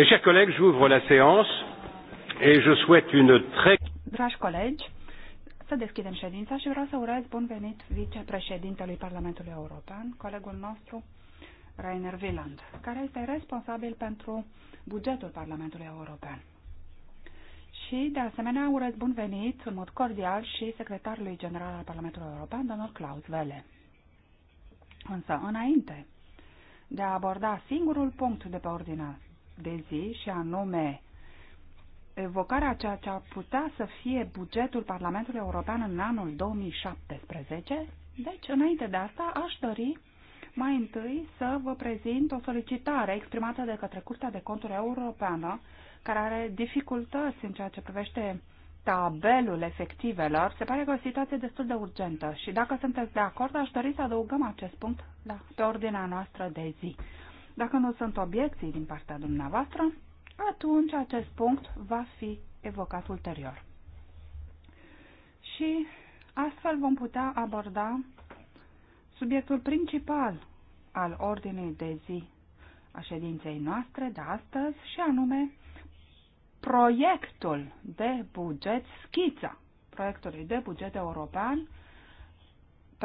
Mes chers collègues, j'ouvre la séance et je souhaite une très... Dragi colegi, să deschidem ședința și vreau să urez bun venit vicepreședintelui Parlamentului European, colegul nostru, Rainer Wieland, care este responsabil pentru bugetul Parlamentului European. Și, de asemenea, urez bun venit în mod cordial și secretarului general al Parlamentului European, domnul Klaus Welle. Însă, înainte de a aborda singurul punct de pe ordinea de zi și anume evocarea ceea ce ar putea să fie bugetul Parlamentului European în anul 2017. Deci, înainte de asta, aș dori mai întâi să vă prezint o solicitare exprimată de către Curtea de Conturi Europeană, care are dificultăți în ceea ce privește tabelul efectivelor. Se pare că o situație destul de urgentă și dacă sunteți de acord, aș dori să adăugăm acest punct la, pe ordinea noastră de zi. Dacă nu sunt obiecții din partea dumneavoastră, atunci acest punct va fi evocat ulterior. Și astfel vom putea aborda subiectul principal al ordinei de zi a ședinței noastre de astăzi și anume proiectul de buget schița proiectului de buget european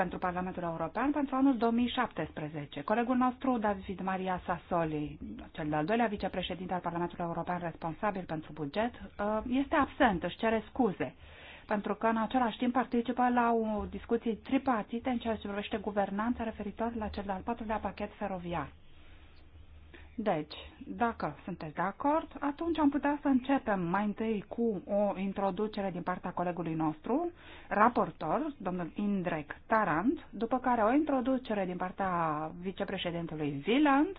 pentru Parlamentul European pentru anul 2017. Colegul nostru, David Maria Sassoli, cel de-al doilea vicepreședinte al Parlamentului European responsabil pentru buget, uh, este absent, își cere scuze, pentru că în același timp participă la o discuție tripartită în ceea ce privește guvernanța referitoare la cel de-al patrulea pachet feroviar. Deci, dacă sunteți de acord, atunci am putea să începem mai întâi cu o introducere din partea colegului nostru, raportor, domnul Indrek Tarant, după care o introducere din partea vicepreședintelui Viland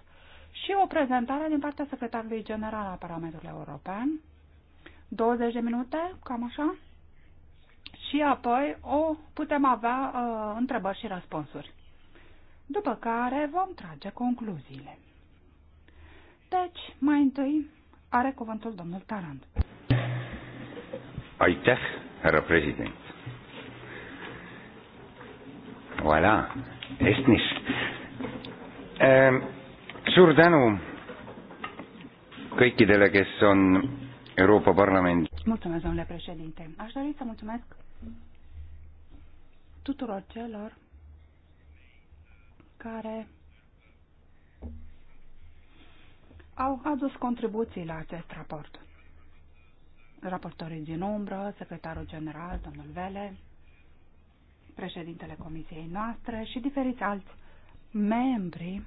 și o prezentare din partea secretarului general al Parlamentului European, 20 de minute, cam așa, și apoi o putem avea uh, întrebări și răspunsuri. După care vom trage concluziile. Deci, mai întâi are cuvântul domnul Tarand. Aitäh, härra president. Voilà, Estnis. Euh, suur tänu kõikidele, kes on Euroopa Parlament. Mulțumesc, domnule președinte. Aș dori să mulțumesc tuturor celor care au adus contribuții la acest raport. Raportorii din umbră, secretarul general, domnul Vele, președintele comisiei noastre și diferiți alți membri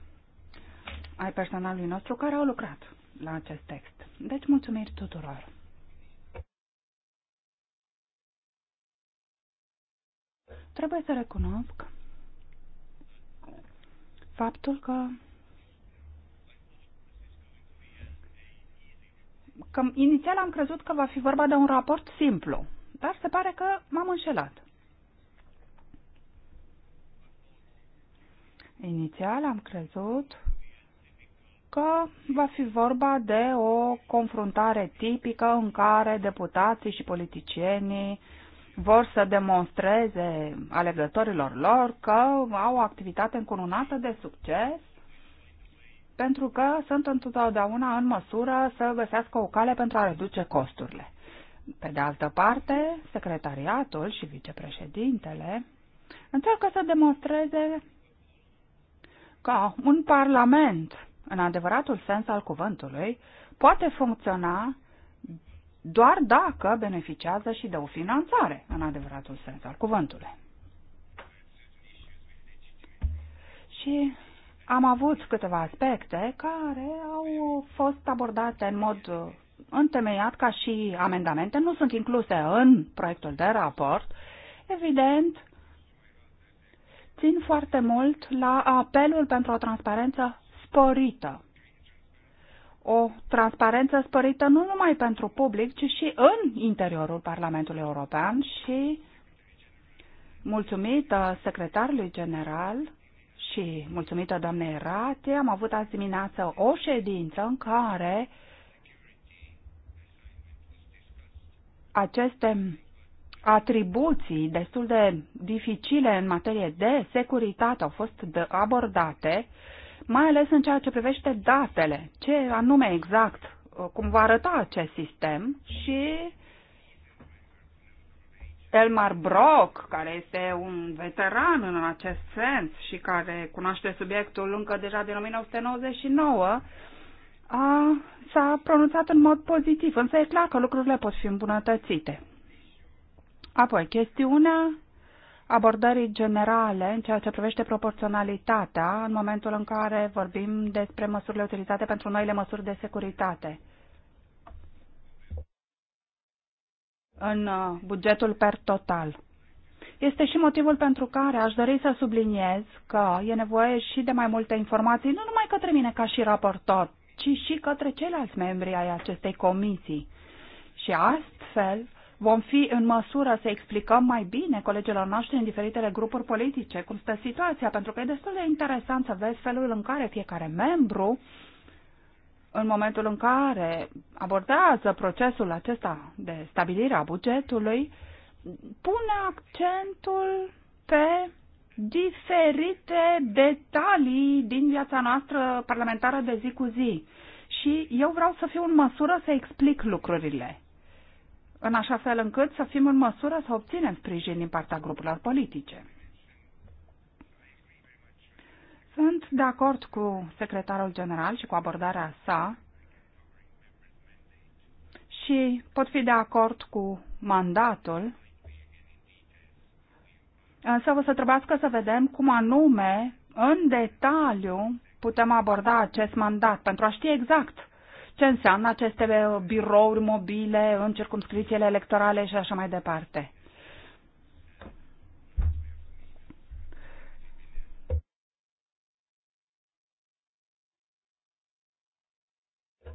ai personalului nostru care au lucrat la acest text. Deci, mulțumiri tuturor! Trebuie să recunosc faptul că că inițial am crezut că va fi vorba de un raport simplu, dar se pare că m-am înșelat. Inițial am crezut că va fi vorba de o confruntare tipică în care deputații și politicienii vor să demonstreze alegătorilor lor că au o activitate încununată de succes pentru că sunt întotdeauna în măsură să găsească o cale pentru a reduce costurile. Pe de altă parte, secretariatul și vicepreședintele încearcă să demonstreze că un parlament, în adevăratul sens al cuvântului, poate funcționa doar dacă beneficiază și de o finanțare, în adevăratul sens al cuvântului. Și am avut câteva aspecte care au fost abordate în mod întemeiat ca și amendamente, nu sunt incluse în proiectul de raport. Evident, țin foarte mult la apelul pentru o transparență sporită. O transparență sporită nu numai pentru public, ci și în interiorul Parlamentului European și mulțumită secretarului general și mulțumită doamnei Rate, am avut azi dimineață o ședință în care aceste atribuții destul de dificile în materie de securitate au fost abordate, mai ales în ceea ce privește datele, ce anume exact, cum va arăta acest sistem și Elmar Brock, care este un veteran în acest sens și care cunoaște subiectul încă deja din 1999, a, s-a pronunțat în mod pozitiv, însă e clar că lucrurile pot fi îmbunătățite. Apoi, chestiunea abordării generale în ceea ce privește proporționalitatea în momentul în care vorbim despre măsurile utilizate pentru noile măsuri de securitate. în uh, bugetul per total. Este și motivul pentru care aș dori să subliniez că e nevoie și de mai multe informații, nu numai către mine ca și raportor, ci și către ceilalți membri ai acestei comisii. Și astfel vom fi în măsură să explicăm mai bine colegilor noștri în diferitele grupuri politice cum stă situația, pentru că e destul de interesant să vezi felul în care fiecare membru uh, în momentul în care abordează procesul acesta de stabilire a bugetului, pune accentul pe diferite detalii din viața noastră parlamentară de zi cu zi. Și eu vreau să fiu în măsură să explic lucrurile, în așa fel încât să fim în măsură să obținem sprijin din partea grupurilor politice. Sunt de acord cu secretarul general și cu abordarea sa și pot fi de acord cu mandatul, însă o să trebuiască să vedem cum anume, în detaliu, putem aborda acest mandat pentru a ști exact ce înseamnă aceste birouri mobile în circumscripțiile electorale și așa mai departe.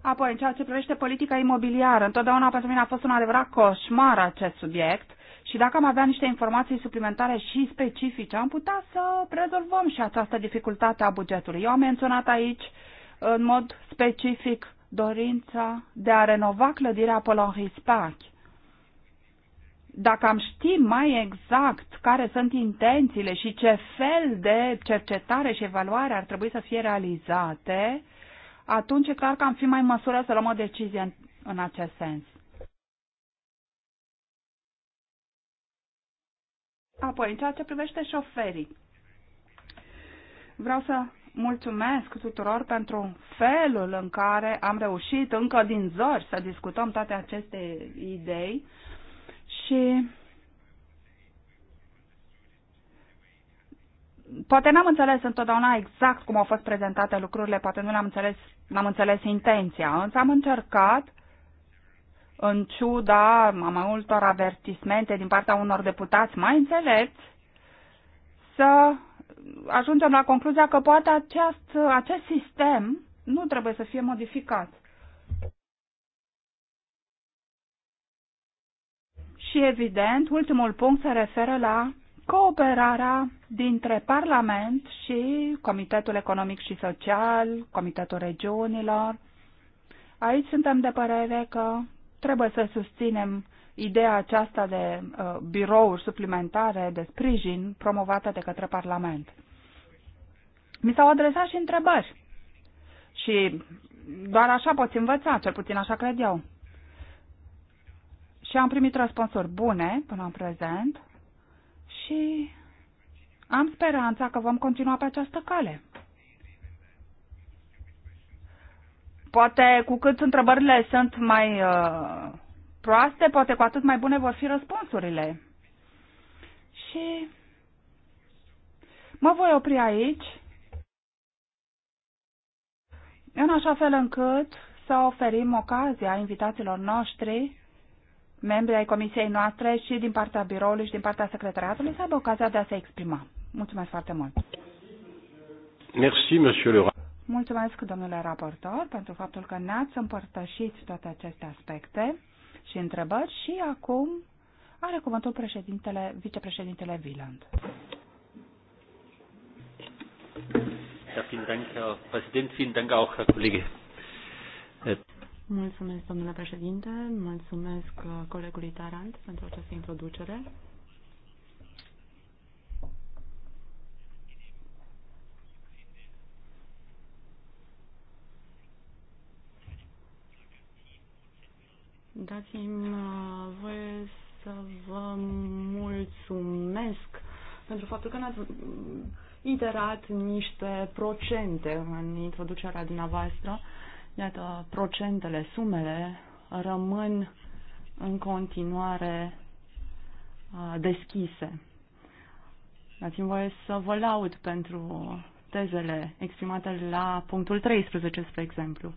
Apoi, în ceea ce privește politica imobiliară, întotdeauna pentru mine a fost un adevărat coșmar acest subiect și dacă am avea niște informații suplimentare și specifice, am putea să rezolvăm și această dificultate a bugetului. Eu am menționat aici, în mod specific, dorința de a renova clădirea Polonhi Spac. Dacă am ști mai exact care sunt intențiile și ce fel de cercetare și evaluare ar trebui să fie realizate, atunci e clar că am fi mai în măsură să luăm o decizie în, în acest sens. Apoi, în ceea ce privește șoferii, vreau să mulțumesc tuturor pentru felul în care am reușit încă din zori să discutăm toate aceste idei și poate n-am înțeles întotdeauna exact cum au fost prezentate lucrurile, poate nu le am înțeles, n-am înțeles intenția, însă am încercat, în ciuda mai multor avertismente din partea unor deputați mai înțelepți, să ajungem la concluzia că poate acest, acest sistem nu trebuie să fie modificat. Și evident, ultimul punct se referă la cooperarea dintre Parlament și Comitetul Economic și Social, Comitetul Regiunilor. Aici suntem de părere că trebuie să susținem ideea aceasta de uh, birouri suplimentare de sprijin promovată de către Parlament. Mi s-au adresat și întrebări și doar așa poți învăța, cel puțin așa cred eu. Și am primit răspunsuri bune până în prezent și am speranța că vom continua pe această cale. Poate cu cât întrebările sunt mai uh, proaste, poate cu atât mai bune vor fi răspunsurile. Și mă voi opri aici în așa fel încât să oferim ocazia invitaților noștri, membrii ai comisiei noastre și din partea biroului și din partea secretariatului să aibă ocazia de a se exprima. Mulțumesc foarte mult! Merci, monsieur le Mulțumesc, domnule raportor, pentru faptul că ne-ați împărtășit toate aceste aspecte și întrebări și acum are cuvântul președintele, vicepreședintele Wieland. Äh, mulțumesc, domnule președinte, mulțumesc uh, colegului Tarant pentru această introducere. Dați-mi uh, voie să vă mulțumesc pentru faptul că ne-ați iterat niște procente în introducerea dumneavoastră. Iată, procentele, sumele rămân în continuare uh, deschise. Dați-mi voie să vă laud pentru tezele exprimate la punctul 13, spre exemplu.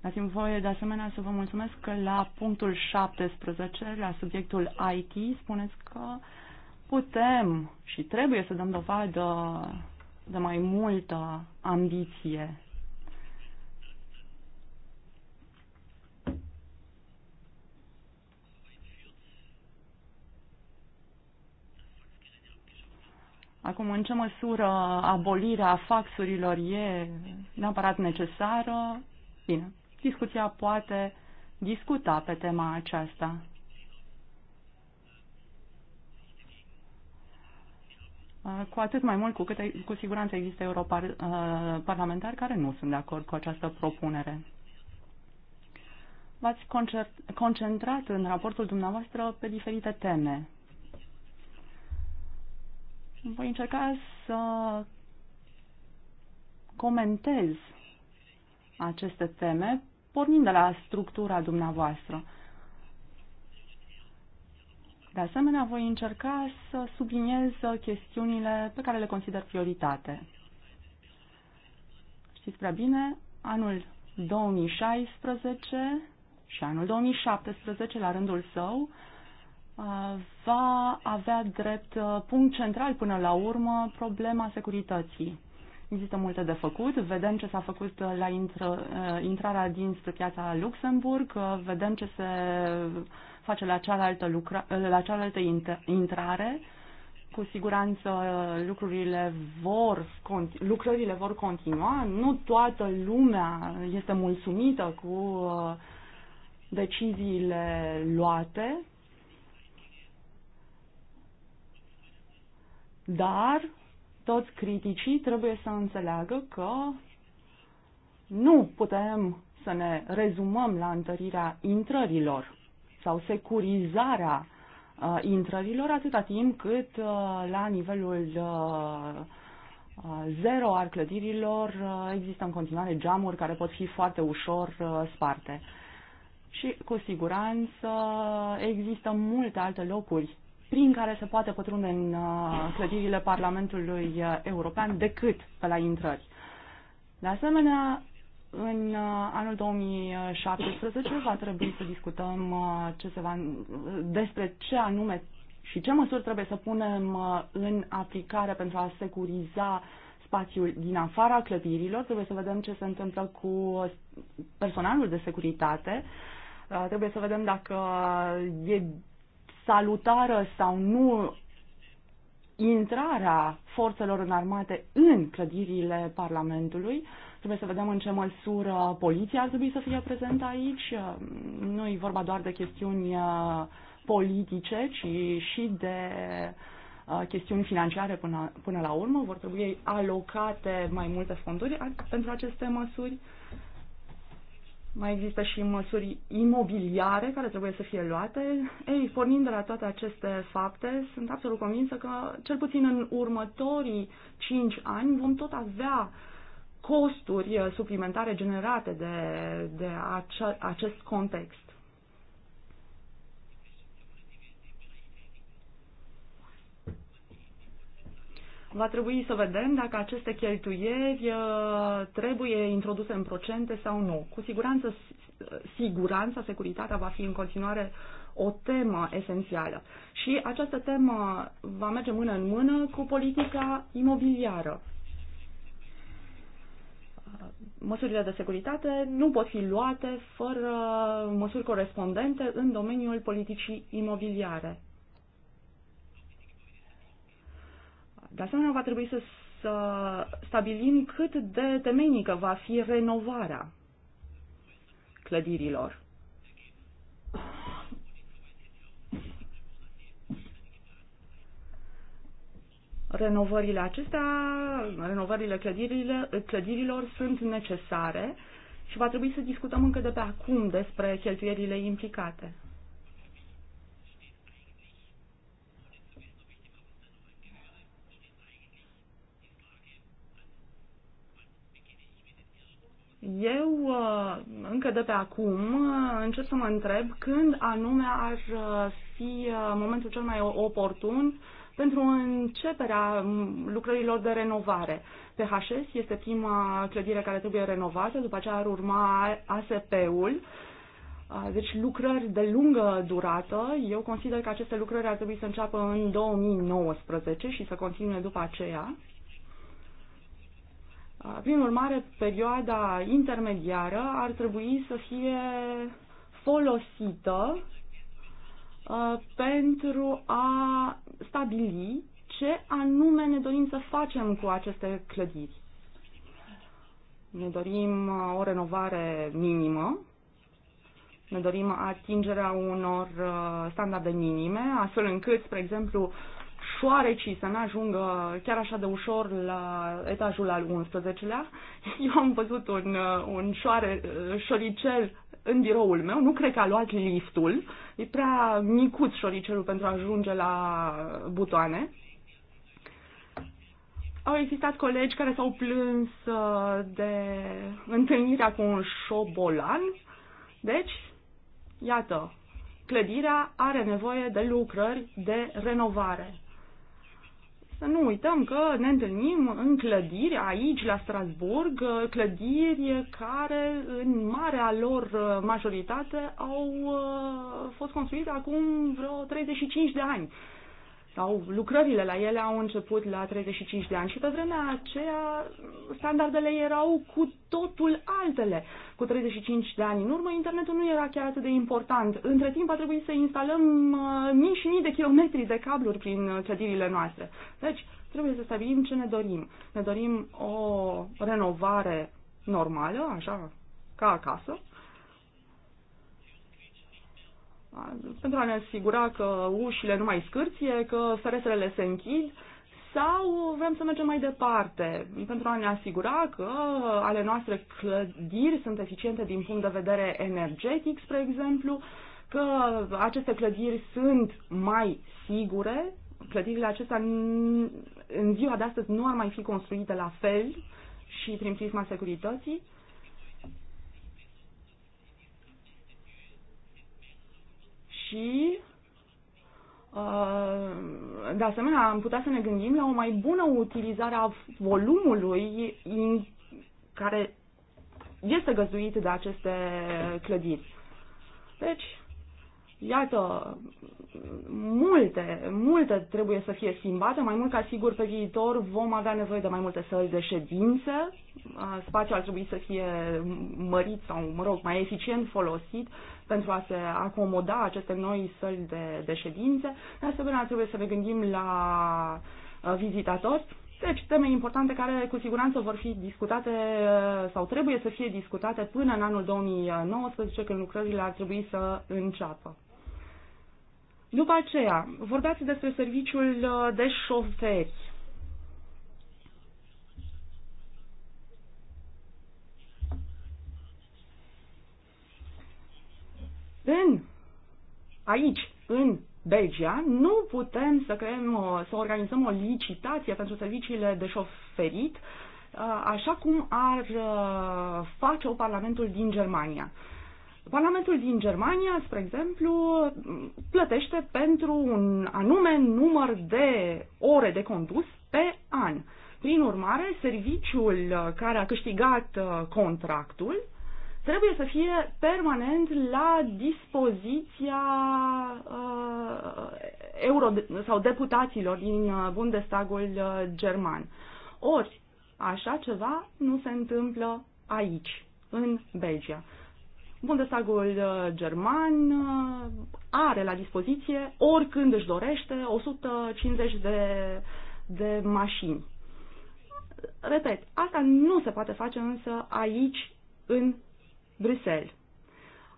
Dați-mi voie de asemenea să vă mulțumesc că la punctul 17, la subiectul IT, spuneți că putem și trebuie să dăm dovadă de mai multă ambiție. Acum, în ce măsură abolirea faxurilor e neapărat necesară? Bine, discuția poate discuta pe tema aceasta. Uh, cu atât mai mult cu cât cu siguranță există europarlamentari uh, care nu sunt de acord cu această propunere. V-ați concentrat în raportul dumneavoastră pe diferite teme. Voi încerca să comentez aceste teme pornind de la structura dumneavoastră. De asemenea, voi încerca să subliniez chestiunile pe care le consider prioritate. Știți prea bine, anul 2016 și anul 2017, la rândul său, uh, va avea drept uh, punct central până la urmă problema securității. Există multe de făcut. Vedem ce s-a făcut la intră, uh, intrarea dinspre piața Luxemburg, uh, vedem ce se face la cealaltă, lucra, uh, la cealaltă intrare. Cu siguranță lucrurile vor, lucrările vor continua. Nu toată lumea este mulțumită cu deciziile luate, dar toți criticii trebuie să înțeleagă că nu putem să ne rezumăm la întărirea intrărilor sau securizarea uh, intrărilor atâta timp cât uh, la nivelul uh, uh zero al clădirilor uh, există în continuare geamuri care pot fi foarte ușor uh, sparte. Și cu siguranță există multe alte locuri prin care se poate pătrunde în uh, clădirile Parlamentului uh, European decât pe la intrări. De asemenea, în uh, anul 2017 va trebui să discutăm ce se va, despre ce anume și ce măsuri trebuie să punem în aplicare pentru a securiza spațiul din afara clădirilor. Trebuie să vedem ce se întâmplă cu personalul de securitate. Trebuie să vedem dacă e salutară sau nu intrarea forțelor în armate în clădirile Parlamentului. Trebuie să vedem în ce măsură poliția ar trebui să fie prezentă aici. Nu e vorba doar de chestiuni uh, politice, ci și de uh, chestiuni financiare până, până la urmă. Vor trebui alocate mai multe fonduri pentru aceste măsuri. Mai există și măsuri imobiliare care trebuie să fie luate. Ei, pornind de la toate aceste fapte, sunt absolut convinsă că, cel puțin în următorii 5 ani, vom tot avea costuri suplimentare generate de, de acest context. Va trebui să vedem dacă aceste cheltuieri uh, trebuie introduse în procente sau nu. Cu siguranță, siguranța, securitatea va fi în continuare o temă esențială. Și această temă va merge mână în mână cu politica imobiliară. Măsurile de securitate nu pot fi luate fără măsuri corespondente în domeniul politicii imobiliare. De asemenea, va trebui să, să stabilim cât de temenică va fi renovarea clădirilor. Renovările acestea, renovările clădirilor, clădirilor sunt necesare și va trebui să discutăm încă de pe acum despre cheltuierile implicate. Eu uh, încă de pe acum uh, încep să mă întreb când anume ar uh, fi momentul cel mai oportun pentru începerea lucrărilor de renovare. PHS este prima clădire care trebuie renovată, după aceea ar urma ASP-ul, deci lucrări de lungă durată. Eu consider că aceste lucrări ar trebui să înceapă în 2019 și să continue după aceea. Prin urmare, perioada intermediară ar trebui să fie folosită pentru a stabili ce anume ne dorim să facem cu aceste clădiri. Ne dorim o renovare minimă, ne dorim atingerea unor standarde minime, astfel încât, spre exemplu, șoarecii să nu ajungă chiar așa de ușor la etajul al 11-lea. Eu am văzut un, uh, un șoare, uh, șoricel în biroul meu, nu cred că a luat liftul, e prea micuț șoricelul pentru a ajunge la butoane. Au existat colegi care s-au plâns uh, de întâlnirea cu un șobolan, deci, iată, clădirea are nevoie de lucrări de renovare. Să nu uităm că ne întâlnim în clădiri aici, la Strasburg, clădiri care, în marea lor majoritate, au uh, fost construite acum vreo 35 de ani sau lucrările la ele au început la 35 de ani și pe vremea aceea standardele erau cu totul altele. Cu 35 de ani în urmă internetul nu era chiar atât de important. Între timp a trebuit să instalăm uh, mii și mii de kilometri de cabluri prin uh, clădirile noastre. Deci trebuie să stabilim ce ne dorim. Ne dorim o renovare normală, așa, ca acasă, pentru a ne asigura că ușile nu mai scârție, că ferestrele se închid, sau vrem să mergem mai departe pentru a ne asigura că ale noastre clădiri sunt eficiente din punct de vedere energetic, spre exemplu, că aceste clădiri sunt mai sigure, clădirile acestea în ziua de astăzi nu ar mai fi construite la fel și prin prisma securității. și uh, de asemenea, am putea să ne gândim la o mai bună utilizare a volumului în care este găzduit de aceste clădiri. Deci, Iată, multe, multe trebuie să fie schimbate, mai mult ca sigur pe viitor vom avea nevoie de mai multe săli de ședință, spațiul ar trebui să fie mărit sau, mă rog, mai eficient folosit pentru a se acomoda aceste noi săli de, de ședințe. De asemenea, trebuie să ne gândim la vizitatori, deci teme importante care cu siguranță vor fi discutate sau trebuie să fie discutate până în anul 2019 când lucrările ar trebui să înceapă. După aceea, vorbeați despre serviciul uh, de șoferi. În, aici, în Belgia, nu putem să creăm, uh, să organizăm o licitație pentru serviciile de șoferit, uh, așa cum ar face-o Parlamentul din Germania. Parlamentul din Germania, spre exemplu, plătește pentru un anume număr de ore de condus pe an. Prin urmare, serviciul care a câștigat uh, contractul trebuie să fie permanent la dispoziția uh, euro sau deputaților din uh, Bundestagul uh, german. Ori, așa ceva nu se întâmplă aici, în Belgia. Bundestagul uh, german uh, are la dispoziție, oricând își dorește, 150 de, de mașini. Repet, asta nu se poate face însă aici, în Bruxelles.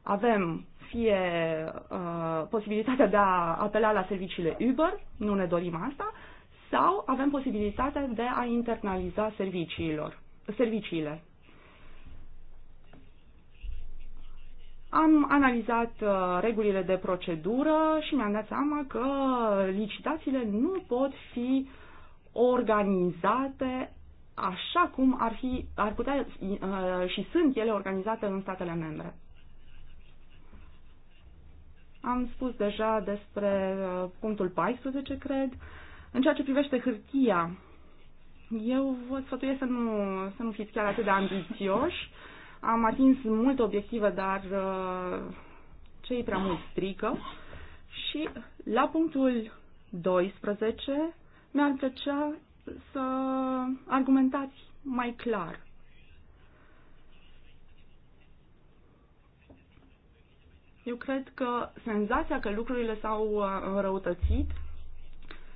Avem fie uh, posibilitatea de a apela la serviciile Uber, nu ne dorim asta, sau avem posibilitatea de a internaliza serviciilor, serviciile. Am analizat uh, regulile de procedură și mi-am dat seama că licitațiile nu pot fi organizate așa cum ar, fi, ar putea uh, și sunt ele organizate în statele membre. Am spus deja despre uh, punctul 14, cred. În ceea ce privește hârtia, eu vă sfătuiesc să nu, să nu fiți chiar atât de ambițioși am atins multe obiective, dar uh, cei prea mult strică. Și la punctul 12 mi-ar plăcea să argumentați mai clar. Eu cred că senzația că lucrurile s-au uh, înrăutățit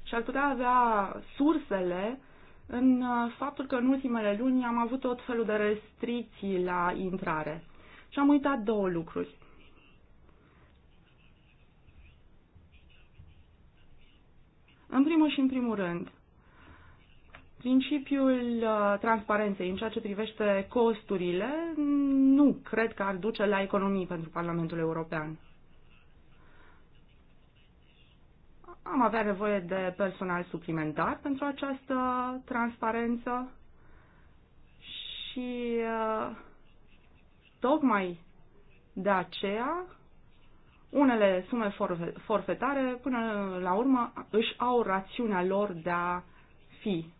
și ar putea avea sursele uh, în uh, faptul că în ultimele luni am avut tot felul de restricții la intrare. Și am uitat două lucruri. În primul și în primul rând, principiul uh, transparenței în ceea ce privește costurile nu cred că ar duce la economii pentru Parlamentul European. Am avea nevoie de personal suplimentar pentru această transparență și uh, tocmai de aceea unele sume forfetare până la urmă își au rațiunea lor de a fi.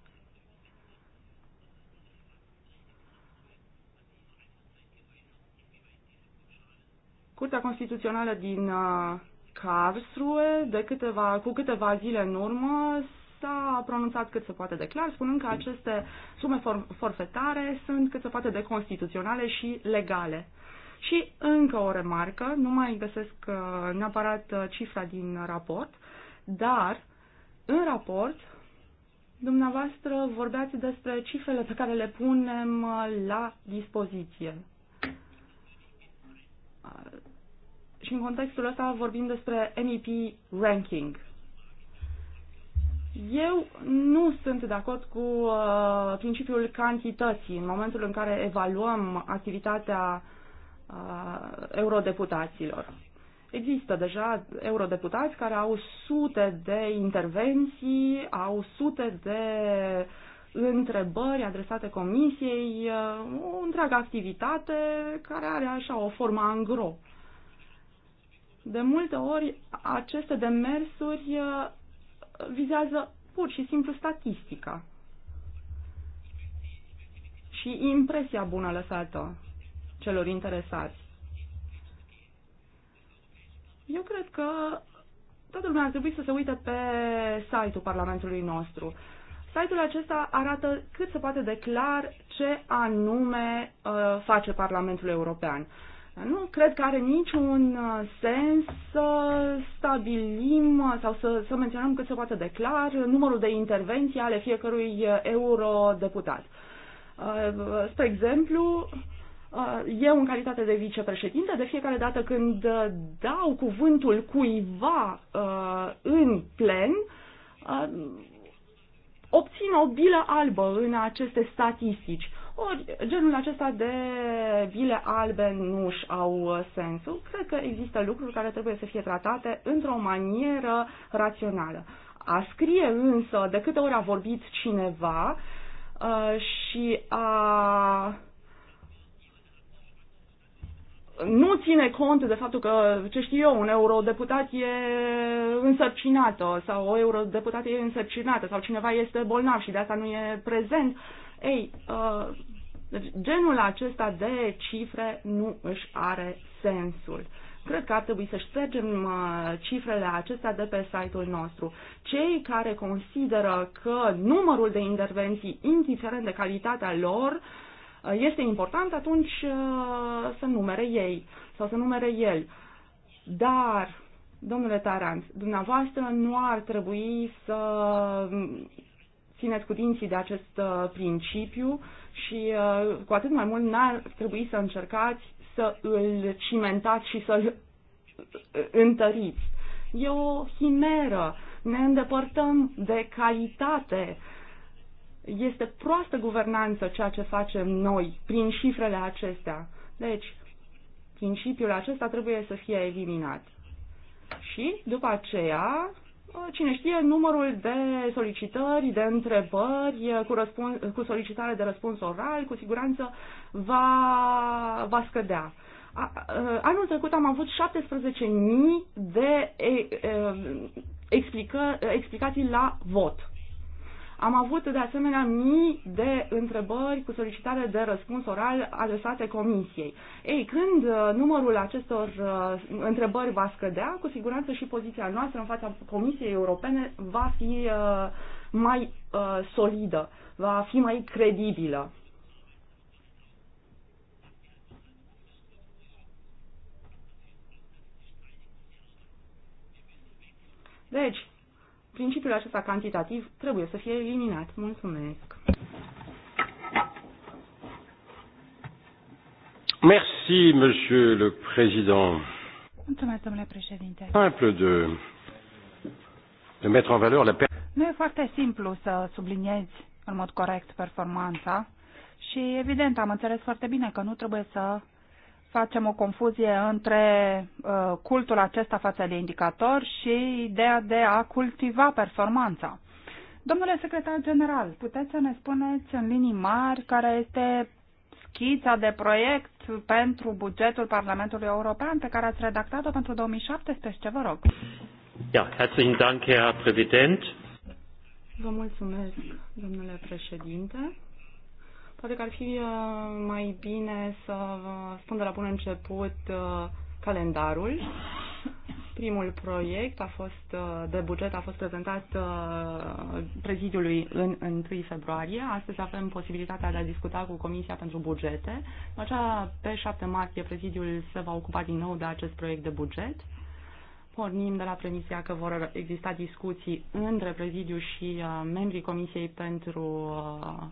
Curtea Constituțională din uh, Karlsruhe, de câteva, cu câteva zile în urmă, s-a pronunțat cât se poate de clar, spunând că aceste sume for- forfetare sunt cât se poate de constituționale și legale. Și încă o remarcă, nu mai găsesc uh, neapărat uh, cifra din raport, dar în raport dumneavoastră vorbeați despre cifrele pe care le punem uh, la dispoziție și în contextul ăsta vorbim despre MEP ranking. Eu nu sunt de acord cu uh, principiul cantității în momentul în care evaluăm activitatea uh, eurodeputaților. Există deja eurodeputați care au sute de intervenții, au sute de întrebări adresate comisiei, uh, o întreagă activitate care are așa o formă angro. De multe ori, aceste demersuri uh, vizează pur și simplu statistica și impresia bună lăsată celor interesați. Eu cred că toată lumea ar trebui să se uite pe site-ul Parlamentului nostru. Site-ul acesta arată cât se poate de clar ce anume uh, face Parlamentul European. Uh, nu cred că are niciun uh, sens să stabilim uh, sau să, să menționăm cât se poate declar numărul de intervenții ale fiecărui uh, eurodeputat. Spre exemplu, eu în calitate de vicepreședinte, de fiecare dată când dau cuvântul cuiva în plen, obțin o bilă albă în aceste statistici. Ori genul acesta de vile albe nu își au uh, sensul. Cred că există lucruri care trebuie să fie tratate într-o manieră rațională. A scrie însă de câte ori a vorbit cineva uh, și a nu ține cont de faptul că, ce știu eu, un eurodeputat e însărcinată sau o eurodeputată e însărcinată sau cineva este bolnav și de asta nu e prezent, ei, uh, deci, genul acesta de cifre nu își are sensul. Cred că ar trebui să ștergem uh, cifrele acestea de pe site-ul nostru. Cei care consideră că numărul de intervenții, indiferent de calitatea lor, uh, este important, atunci uh, să numere ei sau să numere el. Dar, domnule Taranț, dumneavoastră nu ar trebui să țineți cu dinții de acest uh, principiu și uh, cu atât mai mult n-ar trebui să încercați să îl cimentați și să-l uh, întăriți. E o chimeră. ne îndepărtăm de calitate. Este proastă guvernanță ceea ce facem noi prin cifrele acestea. Deci, principiul acesta trebuie să fie eliminat. Și după aceea Ă, cine știe, numărul de solicitări, de întrebări ă, cu, răspuns, cu solicitare de răspuns oral, cu siguranță va, va scădea. Ă, anul trecut am avut 17.000 de e, e, explică, explicații la vot. Am avut de asemenea mii de întrebări cu solicitare de răspuns oral adresate comisiei. Ei, când uh, numărul acestor uh, întrebări va scădea, cu siguranță și poziția noastră în fața Comisiei Europene va fi uh, mai solidă, va fi mai credibilă. Deci, principiul acesta cantitativ trebuie să fie eliminat. Mulțumesc! Merci, Monsieur le Président. Mulțumesc, domnule președinte. Simple de, de mettre en valeur la Nu e foarte simplu să subliniezi în mod corect performanța și, evident, am înțeles foarte bine că nu trebuie să facem o confuzie între uh, cultul acesta față de indicator și ideea de a cultiva performanța. Domnule secretar general, puteți să ne spuneți în linii mari care este schița de proiect pentru bugetul Parlamentului European pe care ați redactat-o pentru 2017, vă rog. Ja, herzlichen Dank, Herr Präsident. Vă mulțumesc, domnule președinte. Poate că ar fi uh, mai bine să spun de la bun început uh, calendarul. Primul proiect a fost, uh, de buget a fost prezentat prezidiului în 1 februarie. Astăzi avem posibilitatea de a discuta cu Comisia pentru Bugete. Așa aceea, pe 7 martie, prezidiul se va ocupa din nou de acest proiect de buget. Pornim de la premisia că vor exista discuții între prezidiu și membrii Comisiei pentru uh,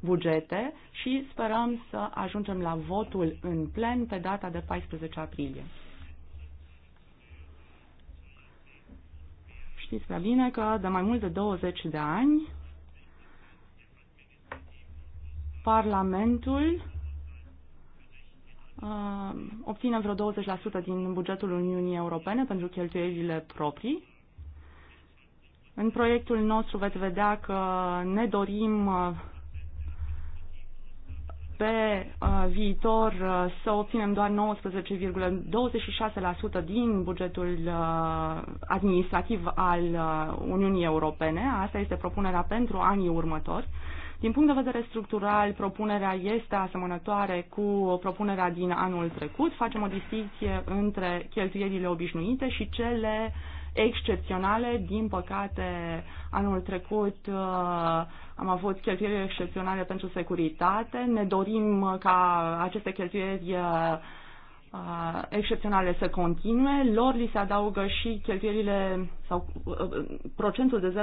bugete și sperăm să ajungem la votul în plen pe data de 14 aprilie. Știți prea bine că de mai mult de 20 de ani Parlamentul uh, obține vreo 20% din bugetul Uniunii Europene pentru cheltuielile proprii. În proiectul nostru veți vedea că ne dorim uh, pe uh, viitor uh, să obținem doar 19,26% din bugetul uh, administrativ al Uniunii Europene. Asta este propunerea pentru anii următori. Din punct de vedere structural, propunerea este asemănătoare cu propunerea din anul trecut. Facem o distinție între cheltuielile obișnuite și cele excepționale. Din păcate, anul trecut uh, am avut cheltuieli excepționale pentru securitate. Ne dorim ca aceste cheltuieli uh, uh, excepționale să continue. Lor li se adaugă și cheltuielile sau uh, procentul de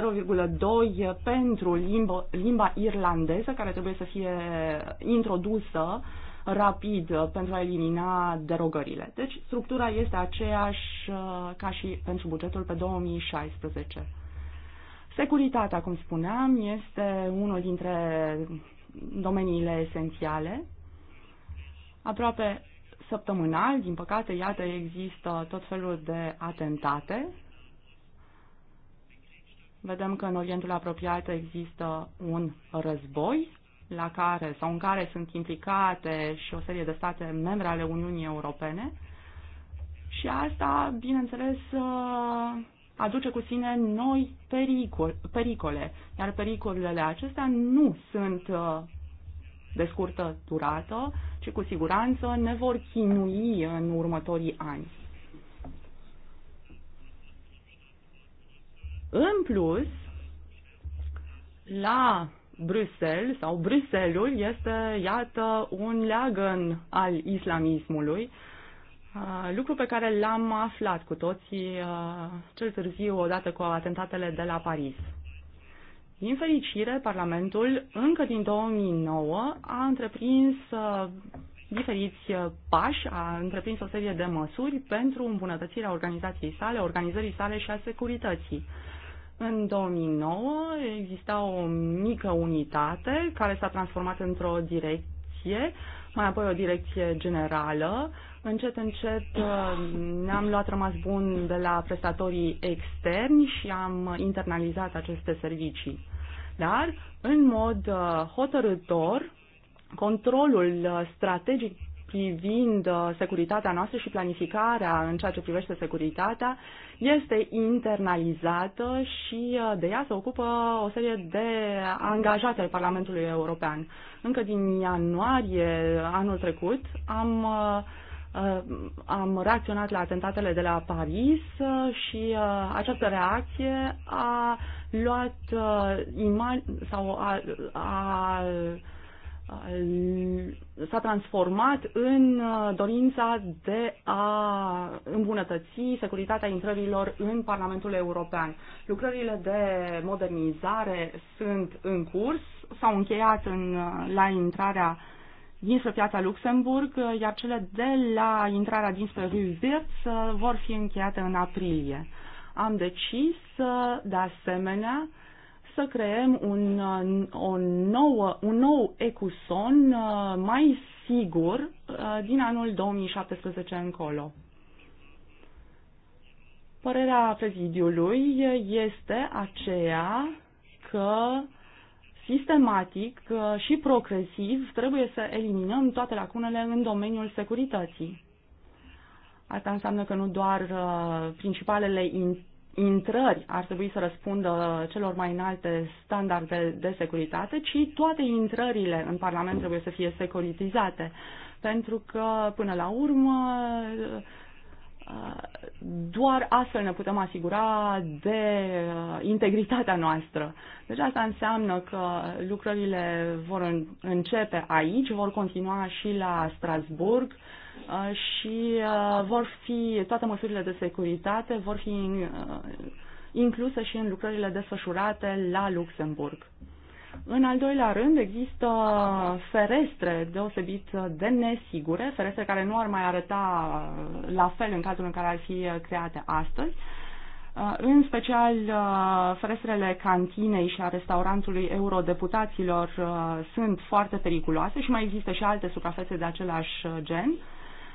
0,2 pentru limba, limba irlandeză care trebuie să fie introdusă rapid pentru a elimina derogările. Deci structura este aceeași ca și pentru bugetul pe 2016. Securitatea, cum spuneam, este unul dintre domeniile esențiale. Aproape săptămânal, din păcate, iată, există tot felul de atentate. Vedem că în Orientul apropiat există un război la care sau în care sunt implicate și o serie de state membre ale Uniunii Europene. Și asta, bineînțeles, aduce cu sine noi pericol, pericole, iar pericolele acestea nu sunt uh, de scurtă durată, ci cu siguranță ne vor chinui în următorii ani. În plus, la Bruxelles sau Bruxelles este, iată, un leagăn al islamismului, uh, Uh, lucru pe care l-am aflat cu toții uh, cel târziu odată cu atentatele de la Paris. Din fericire, Parlamentul încă din 2009 a întreprins uh, diferiți pași, a întreprins o serie de măsuri pentru îmbunătățirea organizației sale, organizării sale și a securității. În 2009 exista o mică unitate care s-a transformat într-o direcție, mai apoi o direcție generală, încet, încet ne-am luat rămas bun de la prestatorii externi și am internalizat aceste servicii. Dar, în mod uh, hotărător, controlul uh, strategic privind uh, securitatea noastră și planificarea în ceea ce privește securitatea este internalizată și de ea se ocupă o serie de angajate al Parlamentului European. Încă din ianuarie anul trecut am uh, Uh, am reacționat la atentatele de la Paris uh, și uh, această reacție a luat imani sau a, a s-a transformat în dorința de a îmbunătăți securitatea intrărilor în Parlamentul European. Lucrările de modernizare sunt în curs, s-au încheiat în, la intrarea uh, dinspre piața Luxemburg, iar cele de la intrarea dinspre Rue Wirtz uh, vor fi încheiate în aprilie. Am decis, uh, de asemenea, să creăm un, uh, o nouă, un nou ecuson mai sigur din anul 2017 încolo. Părerea prezidiului este aceea că sistematic uh, și progresiv trebuie să eliminăm toate lacunele în domeniul securității. Asta înseamnă că nu doar uh, principalele intrări ar trebui să răspundă celor mai înalte standarde de securitate, ci toate intrările în Parlament trebuie să fie securitizate. Pentru că, până la urmă, Uh, doar astfel ne putem asigura de uh, integritatea noastră. Deci asta înseamnă că lucrările vor începe aici, vor continua și la Strasburg uh, și vor fi toate măsurile de securitate vor fi incluse și în lucrările desfășurate la Luxemburg. În al doilea rând, există ferestre deosebit de nesigure, ferestre care nu ar mai arăta la fel în cazul în care ar fi create astăzi, în special ferestrele cantinei și a restaurantului eurodeputaților uh, sunt foarte periculoase și mai există și alte suprafețe de același gen.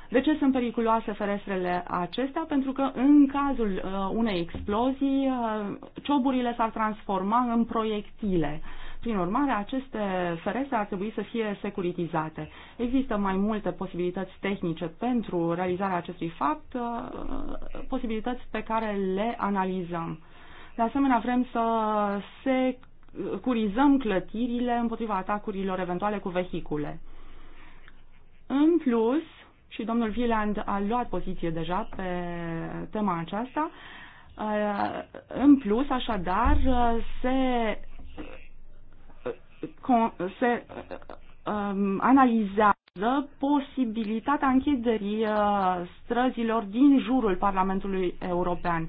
De ce sunt periculoase ferestrele acestea? Pentru că în cazul uh, unei explozii, uh, cioburile s-ar transforma în proiectile prin urmare, aceste ferese ar trebui să fie securitizate. Există mai multe posibilități tehnice pentru realizarea acestui fapt, uh, posibilități pe care le analizăm. De asemenea, vrem să se curizăm clătirile împotriva atacurilor eventuale cu vehicule. În plus, și domnul Vieland a luat poziție deja pe tema aceasta, uh, în plus, așadar, se se uh, um, analizează posibilitatea închiderii uh, străzilor din jurul Parlamentului European.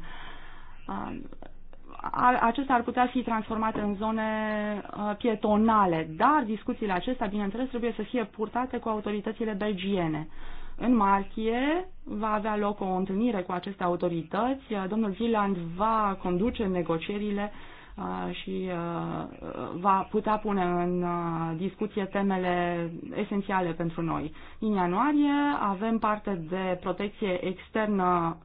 Uh, acestea ar putea fi transformate în zone pietonale, dar discuțiile acestea, bineînțeles, trebuie să fie purtate cu autoritățile belgiene. În martie va avea loc o întâlnire cu aceste autorități. Domnul Viland va conduce negocierile uh, Uh, și uh, uh, va putea pune în discuție temele esențiale pentru noi. În ianuarie avem parte de protecție externă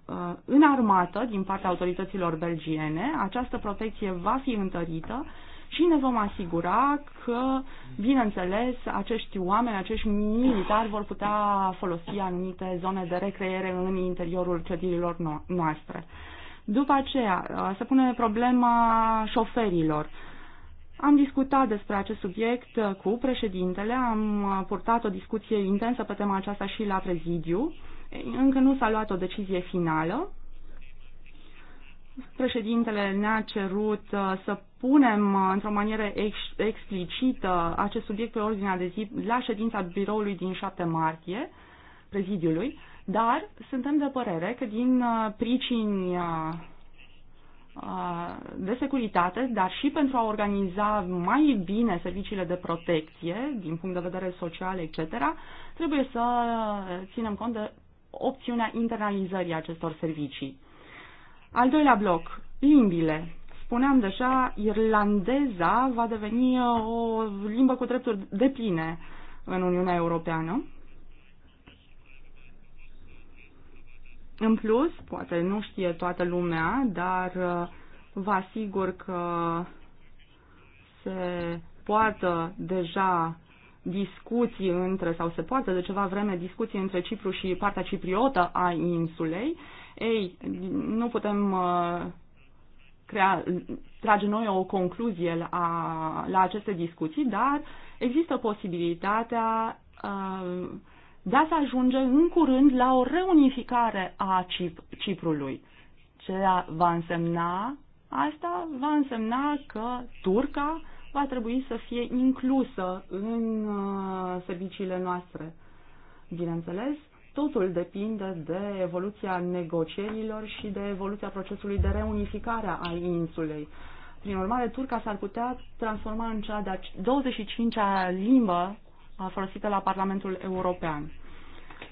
în armată din partea autorităților belgiene. Această protecție va fi întărită și ne vom asigura că, bineînțeles, acești oameni, acești militari vor putea folosi anumite zone de recreere în interiorul clădirilor noastre. După aceea, se pune problema șoferilor. Am discutat despre acest subiect cu președintele, am purtat o discuție intensă pe tema aceasta și la prezidiu. Încă nu s-a luat o decizie finală. Președintele ne-a cerut să punem într-o manieră ex- explicită acest subiect pe ordinea de zi la ședința biroului din 7 martie, prezidiului. Dar suntem de părere că din uh, pricini uh, uh, de securitate, dar și pentru a organiza mai bine serviciile de protecție din punct de vedere social, etc., trebuie să ținem cont de opțiunea internalizării acestor servicii. Al doilea bloc, limbile. Spuneam deja, irlandeza va deveni o limbă cu drepturi depline în Uniunea Europeană. În plus, poate nu știe toată lumea, dar uh, vă asigur că se poartă deja discuții între, sau se poartă de ceva vreme discuții între Cipru și partea cipriotă a insulei, ei, nu putem uh, crea, trage noi o concluzie la, la aceste discuții, dar există posibilitatea uh, de a se ajunge în curând la o reunificare a Cip- Ciprului. Ce va însemna asta? Va însemna că Turca va trebui să fie inclusă în uh, serviciile noastre. Bineînțeles, totul depinde de evoluția negocierilor și de evoluția procesului de reunificare a insulei. Prin urmare, turca s-ar putea transforma în cea de-a 25-a limbă folosită la Parlamentul European.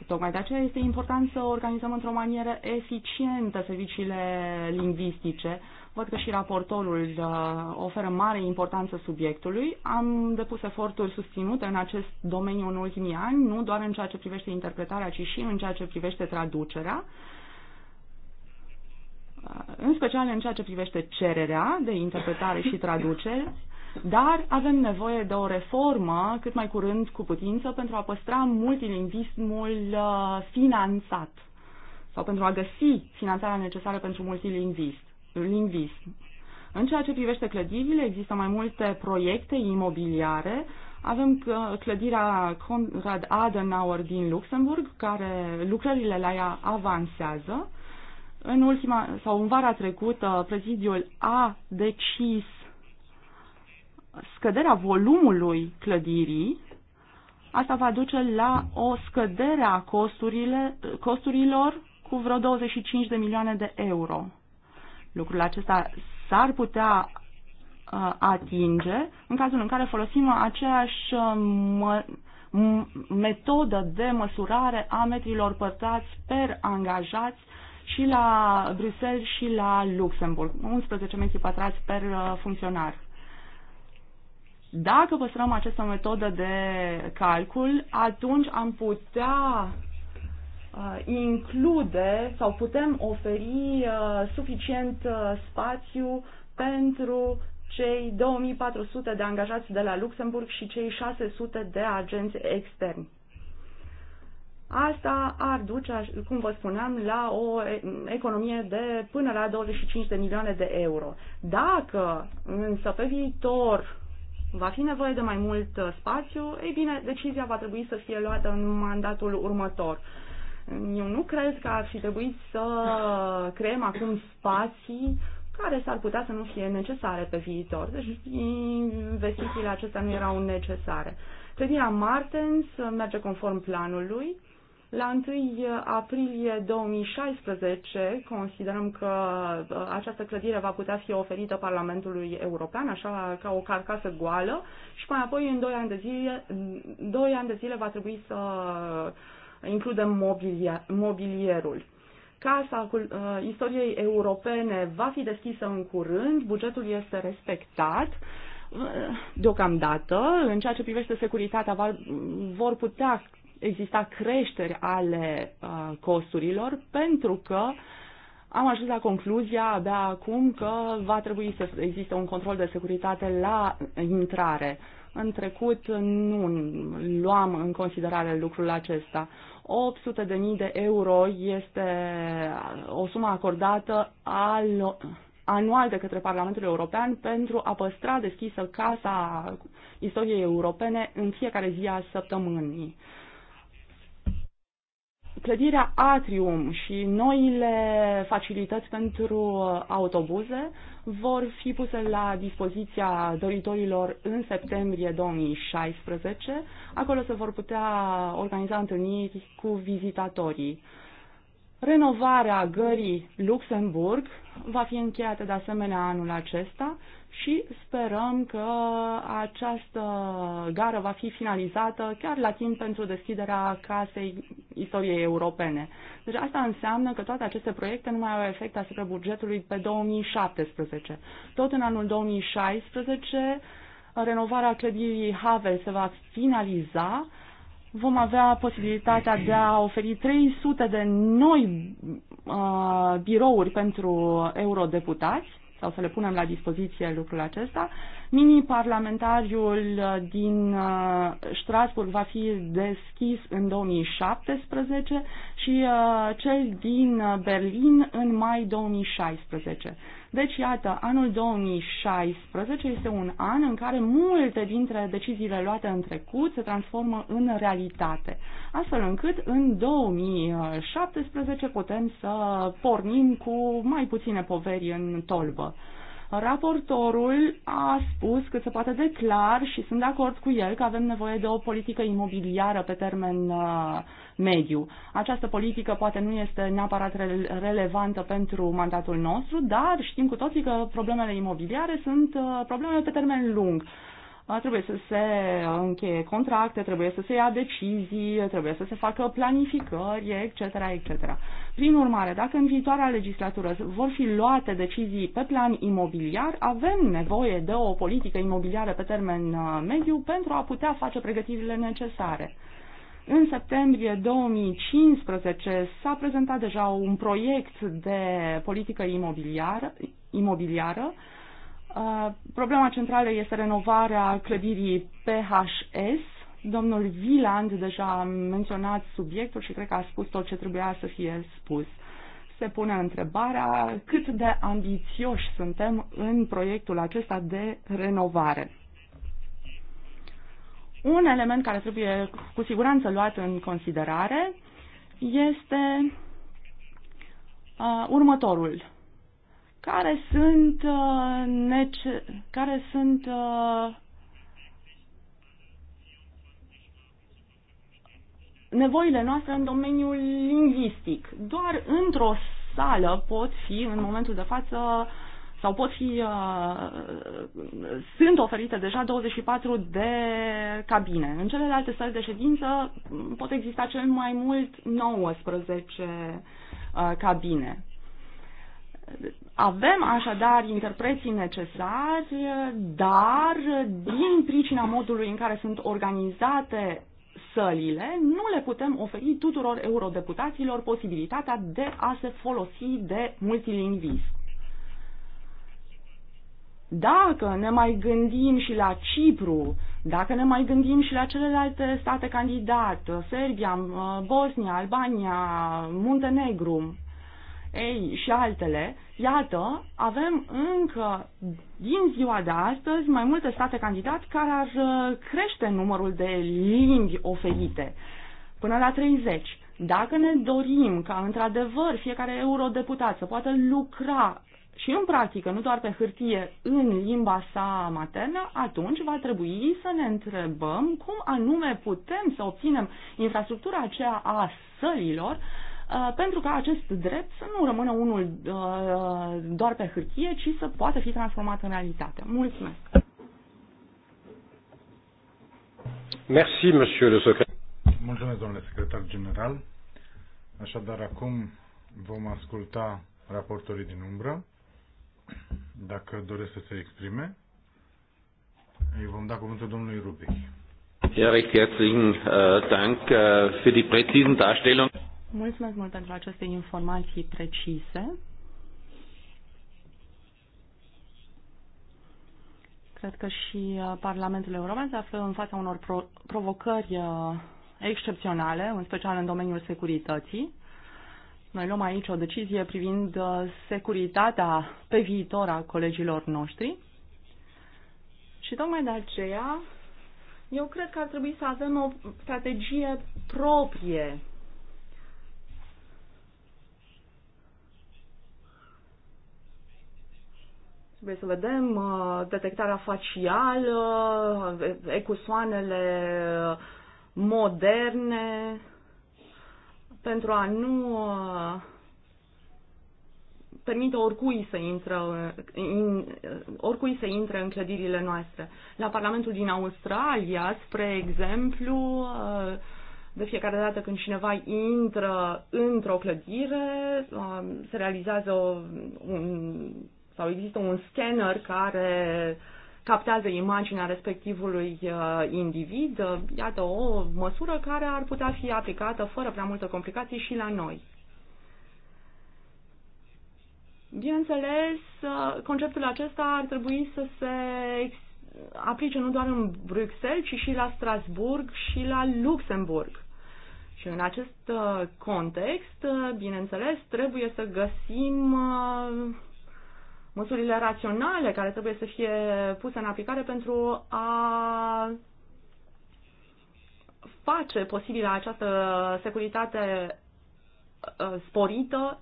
Tocmai de aceea este important să organizăm într-o manieră eficientă serviciile lingvistice. Văd că și raportorul uh, oferă mare importanță subiectului. Am depus eforturi susținute în acest domeniu în ultimii ani, nu doar în ceea ce privește interpretarea, ci și în ceea ce privește traducerea uh, în special în ceea ce privește cererea de interpretare și traducere dar avem nevoie de o reformă cât mai curând cu putință pentru a păstra multilingvismul uh, finanțat sau pentru a găsi finanțarea necesară pentru multilingvism. În ceea ce privește clădirile, există mai multe proiecte imobiliare. Avem uh, clădirea Conrad Adenauer din Luxemburg, care lucrările la ea avansează. În ultima sau în vara trecută, prezidiul a decis scăderea volumului clădirii, asta va duce la o scădere a costurilor cu vreo 25 de milioane de euro. Lucrul acesta s-ar putea uh, atinge în cazul în care folosim aceeași uh, mă, metodă de măsurare a metrilor pătrați per angajați și la Bruxelles și la Luxemburg, 11 metri pătrați per uh, funcționar. Dacă păstrăm această metodă de calcul, atunci am putea uh, include sau putem oferi uh, suficient uh, spațiu pentru cei 2400 de angajați de la Luxemburg și cei 600 de agenți externi. Asta ar duce, cum vă spuneam, la o um, economie de până la 25 de milioane de euro. Dacă însă pe viitor va fi nevoie de mai mult uh, spațiu, ei bine, decizia va trebui să fie luată în mandatul următor. Eu nu cred că ar fi trebuit să creăm acum spații care s-ar putea să nu fie necesare pe viitor. Deci investițiile acestea nu erau necesare. Clădirea Martens merge conform planului la 1 aprilie 2016 considerăm că uh, această clădire va putea fi oferită Parlamentului European, așa ca o carcasă goală și mai apoi în 2 ani de zile, 2 ani de zile va trebui să includem mobilier, mobilierul. Casa uh, istoriei europene va fi deschisă în curând, bugetul este respectat uh, deocamdată, în ceea ce privește securitatea, vor putea exista creșteri ale uh, costurilor pentru că am ajuns la concluzia abia acum că va trebui să existe un control de securitate la intrare. În trecut nu luam în considerare lucrul acesta. 800.000 de euro este o sumă acordată al, anual de către Parlamentul European pentru a păstra deschisă Casa Istoriei Europene în fiecare zi a săptămânii. Uh, clădirea Atrium și noile facilități pentru autobuze vor fi puse la dispoziția doritorilor în septembrie 2016. Acolo se vor putea organiza întâlniri cu vizitatorii. Renovarea gării Luxemburg va fi încheiată de asemenea anul acesta și sperăm că această gară va fi finalizată chiar la timp pentru deschiderea casei istoriei europene. Deci asta înseamnă că toate aceste proiecte nu mai au efect asupra bugetului pe 2017. Tot în anul 2016 renovarea clădirii Havel se va finaliza vom avea posibilitatea de a oferi 300 de noi Uh, birouri pentru eurodeputați sau să le punem la dispoziție lucrul acesta. Mini-parlamentariul din uh, Strasburg va fi deschis în 2017 și uh, cel din Berlin în mai 2016. Deci, iată, anul 2016 este un an în care multe dintre deciziile luate în trecut se transformă în realitate, astfel încât în 2017 putem să pornim cu mai puține poveri în tolbă. Raportorul a spus cât se poate de clar și sunt de acord cu el că avem nevoie de o politică imobiliară pe termen uh, mediu. Această politică poate nu este neapărat relevantă pentru mandatul nostru, dar știm cu toții că problemele imobiliare sunt uh, probleme pe termen lung uh, trebuie să se încheie contracte, trebuie să se ia decizii, trebuie să se facă planificări, etc., etc. Prin urmare, dacă în viitoarea legislatură vor fi luate decizii pe plan imobiliar, avem nevoie de o politică imobiliară pe termen uh, mediu pentru a putea face pregătirile necesare. În septembrie 2015 s-a prezentat deja un proiect de politică imobiliară, imobiliară uh, Problema centrală este renovarea clădirii PHS Domnul Viland deja a menționat subiectul și cred că a spus tot ce trebuia să fie spus. Se pune întrebarea cât de ambițioși suntem în proiectul acesta de renovare. Un element care trebuie cu siguranță luat în considerare este uh, următorul. Care sunt, uh, nece- care sunt uh, nevoile noastre în domeniul lingvistic. Doar într-o sală pot fi în momentul de față sau pot fi, uh, sunt oferite deja 24 de cabine. În celelalte sări de ședință pot exista cel mai mult 19 uh, cabine. Avem așadar interpreții necesari, dar din pricina modului în care sunt organizate sălile, nu le putem oferi tuturor eurodeputaților posibilitatea de a se folosi de multilingvism. Dacă ne mai gândim și la Cipru, dacă ne mai gândim și la celelalte state candidat, Serbia, Bosnia, Albania, Muntenegru, ei, și altele, iată, avem încă din ziua de astăzi mai multe state candidat care ar uh, crește numărul de limbi oferite până la 30. Dacă ne dorim ca într-adevăr fiecare eurodeputat să poată lucra și în practică, nu doar pe hârtie, în limba sa maternă, atunci va trebui să ne întrebăm cum anume putem să obținem infrastructura aceea a sălilor Uh, pentru ca acest drept să nu rămână unul uh, doar pe hârtie, ci să poată fi transformat în realitate. Mulțumesc! Merci, monsieur le secrétaire. Mulțumesc, domnule secretar general. Așadar, acum vom asculta raportorii din umbră, dacă doresc să se exprime. Îi vom da cuvântul domnului Rubic. Ja, recht herzlichen äh, Dank äh, für die präzisen Darstellung. Mulțumesc mult pentru aceste informații precise. Cred că și uh, Parlamentul European se află în fața unor pro- provocări uh, excepționale, în special în domeniul securității. Noi luăm aici o decizie privind uh, securitatea pe viitor a colegilor noștri. Și tocmai de aceea, eu cred că ar trebui să avem o strategie proprie Trebuie să vedem uh, detectarea facială, uh, ecusoanele uh, moderne, pentru a nu permite oricui să, intră, in, oricui să intre în clădirile noastre. La Parlamentul din Australia, spre exemplu, de fiecare dată când cineva intră într-o clădire, se realizează un sau există un scanner care captează imaginea respectivului uh, individ. Uh, iată o măsură care ar putea fi aplicată fără prea multe complicații și la noi. Bineînțeles, uh, conceptul acesta ar trebui să se aplice nu doar în Bruxelles, ci și la Strasburg și la Luxemburg. Și în acest context, bineînțeles, trebuie să găsim măsurile raționale care trebuie să fie puse în aplicare pentru a face posibilă această securitate uh, sporită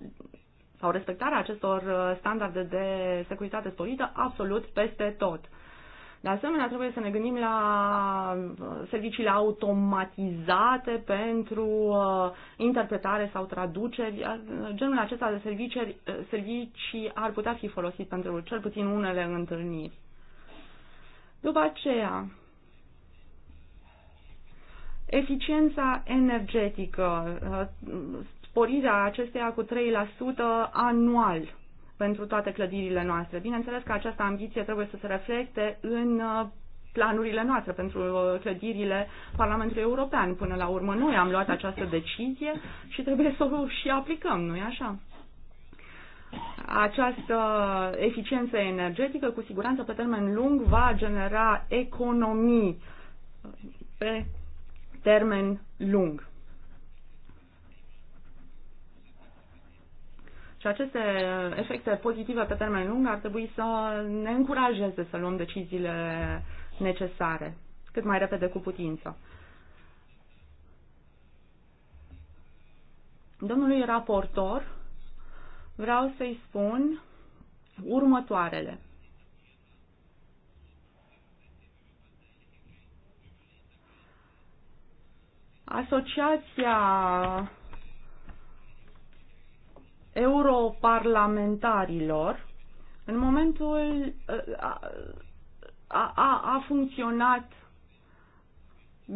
sau respectarea acestor uh, standarde de securitate sporită absolut peste tot. De asemenea, trebuie să ne gândim la uh, serviciile automatizate pentru uh, interpretare sau traduceri. Uh, genul acesta de servicii, servicii ar putea fi folosit pentru cel puțin unele întâlniri. După aceea, eficiența energetică, sporirea acesteia cu 3% anual pentru toate clădirile noastre. Bineînțeles că această ambiție trebuie să se reflecte în uh, planurile noastre pentru uh, clădirile Parlamentului European. Până la urmă, noi am luat această decizie și trebuie să o și aplicăm, nu-i așa? Această eficiență energetică, cu siguranță, pe termen lung, va genera economii pe termen lung. Și aceste uh, efecte pozitive pe termen lung ar trebui să ne încurajeze să luăm deciziile necesare, cât mai repede cu putință. Domnului raportor, vreau să-i spun următoarele. Asociația europarlamentarilor în momentul a, a, a funcționat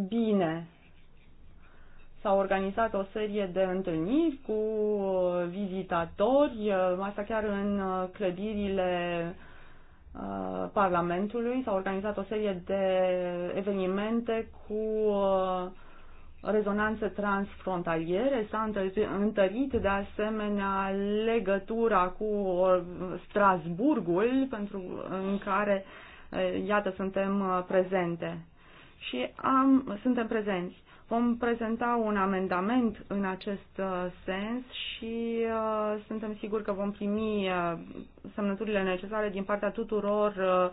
bine. S-au organizat o serie de întâlniri cu vizitatori, asta chiar în clădirile Parlamentului. S-au organizat o serie de evenimente cu uh, rezonanțe transfrontaliere, s-a întărit de asemenea legătura cu uh, Strasburgul, pentru, în care, uh, iată, suntem uh, prezente. Și am, suntem prezenți. Vom prezenta un amendament în acest sens și uh, suntem siguri că vom primi uh, semnăturile necesare din partea tuturor uh,